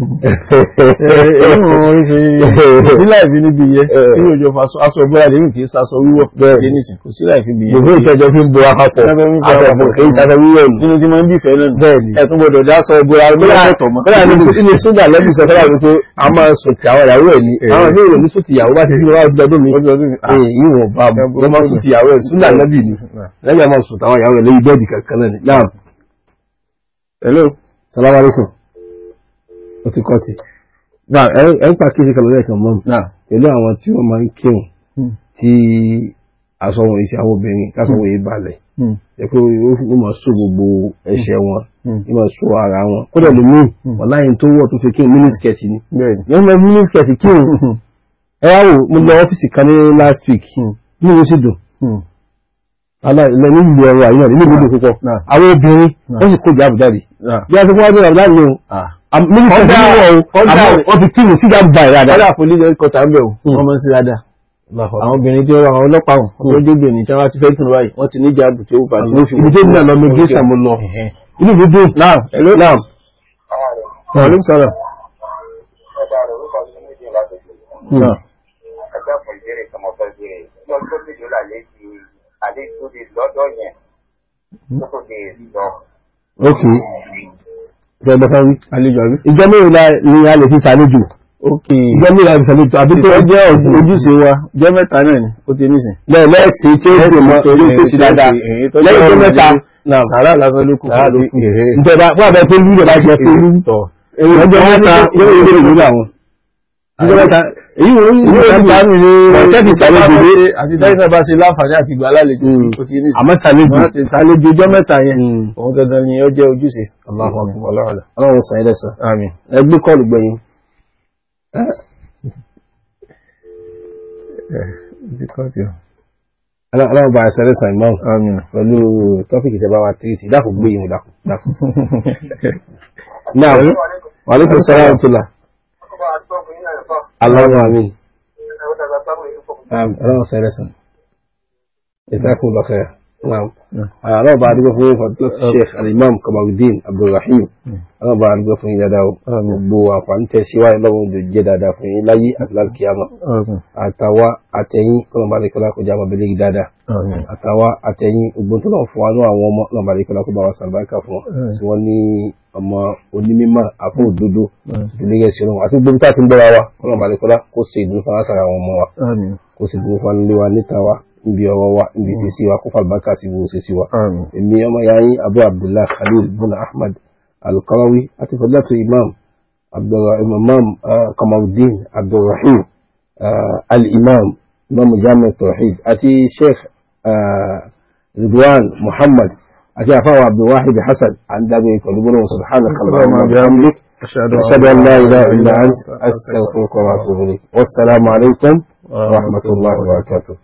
ìrùn oríṣiríṣi sílẹ̀ ìfi níbi yẹ irú òjò aṣọ ìbúra lèyìn kì í sasọ wíwọ̀ bẹ́ẹ̀ nìsín kò sílẹ̀ ìfi bìyẹn. gbogbo ìtẹ́jọ́ fi ń bo akapọ̀ akapọ̀ kì í sasọ wíwọ̀ ni. nínú tí mo ń bí ìfẹ́ náà bẹ́ẹ̀ ni ẹ̀tún gbọdọ̀ dá aṣọ ìbúra lọ́wọ́ bẹ́ẹ̀ ni sójà lẹ́bí sọ fẹ́ràn wípé a máa sọ ti àwọn ìyàwó ẹ̀ ni àwọn ilé ìròyìn sọ ti ìyàwó bá ti fi wá ọdún mi ìwọ̀n bá mo máa sọ ti ìyàwó ẹ̀ sójà lẹ́bí ni lẹ́yìn àwọn sọ ti àwọn ìyàwó ẹ̀ lẹ́yìn bẹ́ẹ̀dì kankan náà ni. Hello. Salaam alaikum ó ti kọ́ ti náà ẹ ń pàkíyèsí kan lọ́dẹ̀ kan mọ́ pẹ̀lú àwọn tí wọ́n máa ń kírun hmm. tí aṣọ wọn ìṣe àwọn obìnrin káṣọ wọn yìí balẹ̀ hmm. ẹ pé ó máa sún gbogbo ẹ̀ṣẹ̀ wọn ó máa sún hmm. ara wọn kódà lè mú ọ̀láyé tó wọ̀ tó fi kírun mínísíkẹ̀tì ni yẹn lọ mínísíkẹ̀tì kírun ẹ wá wò mo lọ ọ́fíìsì kan ní last week ní mo sì dùn aláìlẹ́ni ìlú ẹ̀rọ àyíná nínú ìlú ah. púpọ̀ ah. àwọn obìnrin ah. wọ́n sì kó ìjà àbùdáde bí a ti kó wájú àbùdáde o mínísítà wọ́n ti tíìmù sí dáàbò báyìí dáadáa. kọ́dà police headquarter ń bẹ̀ o hmm. wọ́n mọ̀ sí dáadáa. àwọn obìnrin tí wọ́n àwọn ọlọ́pàá wọn tó hmm. dé bìnrin tí wọ́n ti fẹ́ tún báyìí wọ́n ti ní jáàbù tí ó bá ti ní fìwé. ibi tó ń bẹ̀ lọ mi gé sàmú lọ. inú mi dùn. naam hello naam. wàhálà sọ̀rọ̀. ẹgbẹ́ fún ìbéèrè tí mo fẹ́ béèrè lọ tó ti dùn lálẹ́ ti àlejò lọ́dọ̀ yẹn tó tó ìjọba kan wí. àlejò àbí. ìjọ mẹ́rìnlá ni a lè fi ṣàlejò. ok ìjọ mẹ́rìnlá fi ṣàlejò àbí tó jẹ́ ojúṣe wa jẹ́ mẹ́ta náà ni ó ti nísìn. lẹ́ẹ̀ lẹ́ẹ̀sì tí ó dè mọ́ orí tó ti dáadáa lẹ́yìn tó mẹ́ta. sàrà lásán ló kù ìjọba fún àbẹ ìjọba jẹ fún lù èyí wọ́n ní ìtàmì ní ọ̀tẹ́bì sálẹ́gbèdé àti dáìsà bá ṣe láǹfààní àti ìgbà alálejò sí mm. ó ti ní sí àmọ́ sálẹ́gbèdé ọjọ́ mẹ́ta yẹn mm. òun dandan ni ó jẹ́ ojúṣe ọlọ́run sàn ilẹ̀ eh, sàn ẹgbẹ́ kọlù gbẹ̀yìn aláwọ̀ bá ṣẹlẹ̀ sàn ìmọ̀ pẹ̀lú tọ́pìkì tẹ́ bá wa tírìtì dákò gbé yìí dákò dákò náà wàlúkù sọ́lá Allahumma amin. Ọlọ́run sẹ́rẹ̀ sàn. Ìsákùn lọ́kẹ́. Ọlọ́run bá dúgbò fún Fọ́tọ́ Sheikh Alimam Kamaluddin Abdulrahim. Hmm. Ọlọ́run bá dúgbò fún yín dáadáa o. Gbogbo àǹfààní tẹ̀síwájú lọ́wọ́ ojú jẹ́ dáadáa fún yín láyé àti lálùkìyàmọ̀. Àtàwa àtẹ̀yìn kọ́nà bá lè kọ́lá kó jáma bẹ́lẹ́ yìí dáadáa. Àtàwa àtẹ̀yìn gbogbo tó lọ́wọ́ fún wa náà àwọn ọmọ náà bá lè kọ́lá kó bá wa fún wọn. Tí wọ́n ní ọmọ onímọ̀ àfún hmm. òdodo hmm. ìdílé sí ọlọ́run àti gbogbo táà ti ń bọ́ra wa ọlọ́run bá lè kọ́lá kó ṣe ìdúró fún aláṣàrà àwọn ọmọ wa kó ṣe ìdúró fún alẹ́ wa níta wa níbi ọ̀rọ̀ wa níbi hmm. ìṣesí wa kó fàlùbákà sí gbogbo ìṣesí wa. èmi ọmọ ya yín abu abdullahi khalil buna ahmad alqarawi àti fadlatu imam imam kamarudin uh, abdulrahim uh, al-imam jamiu tawhid àti sheikh uh, ridwan muhammad أتى فهو عبد الواحد حسن عن ذلك يقولون سبحانك اللهم وبحمدك أشهد أن لا إله إلا أنت أستغفرك وأتوب إليك والسلام عليكم ورحمة الله وبركاته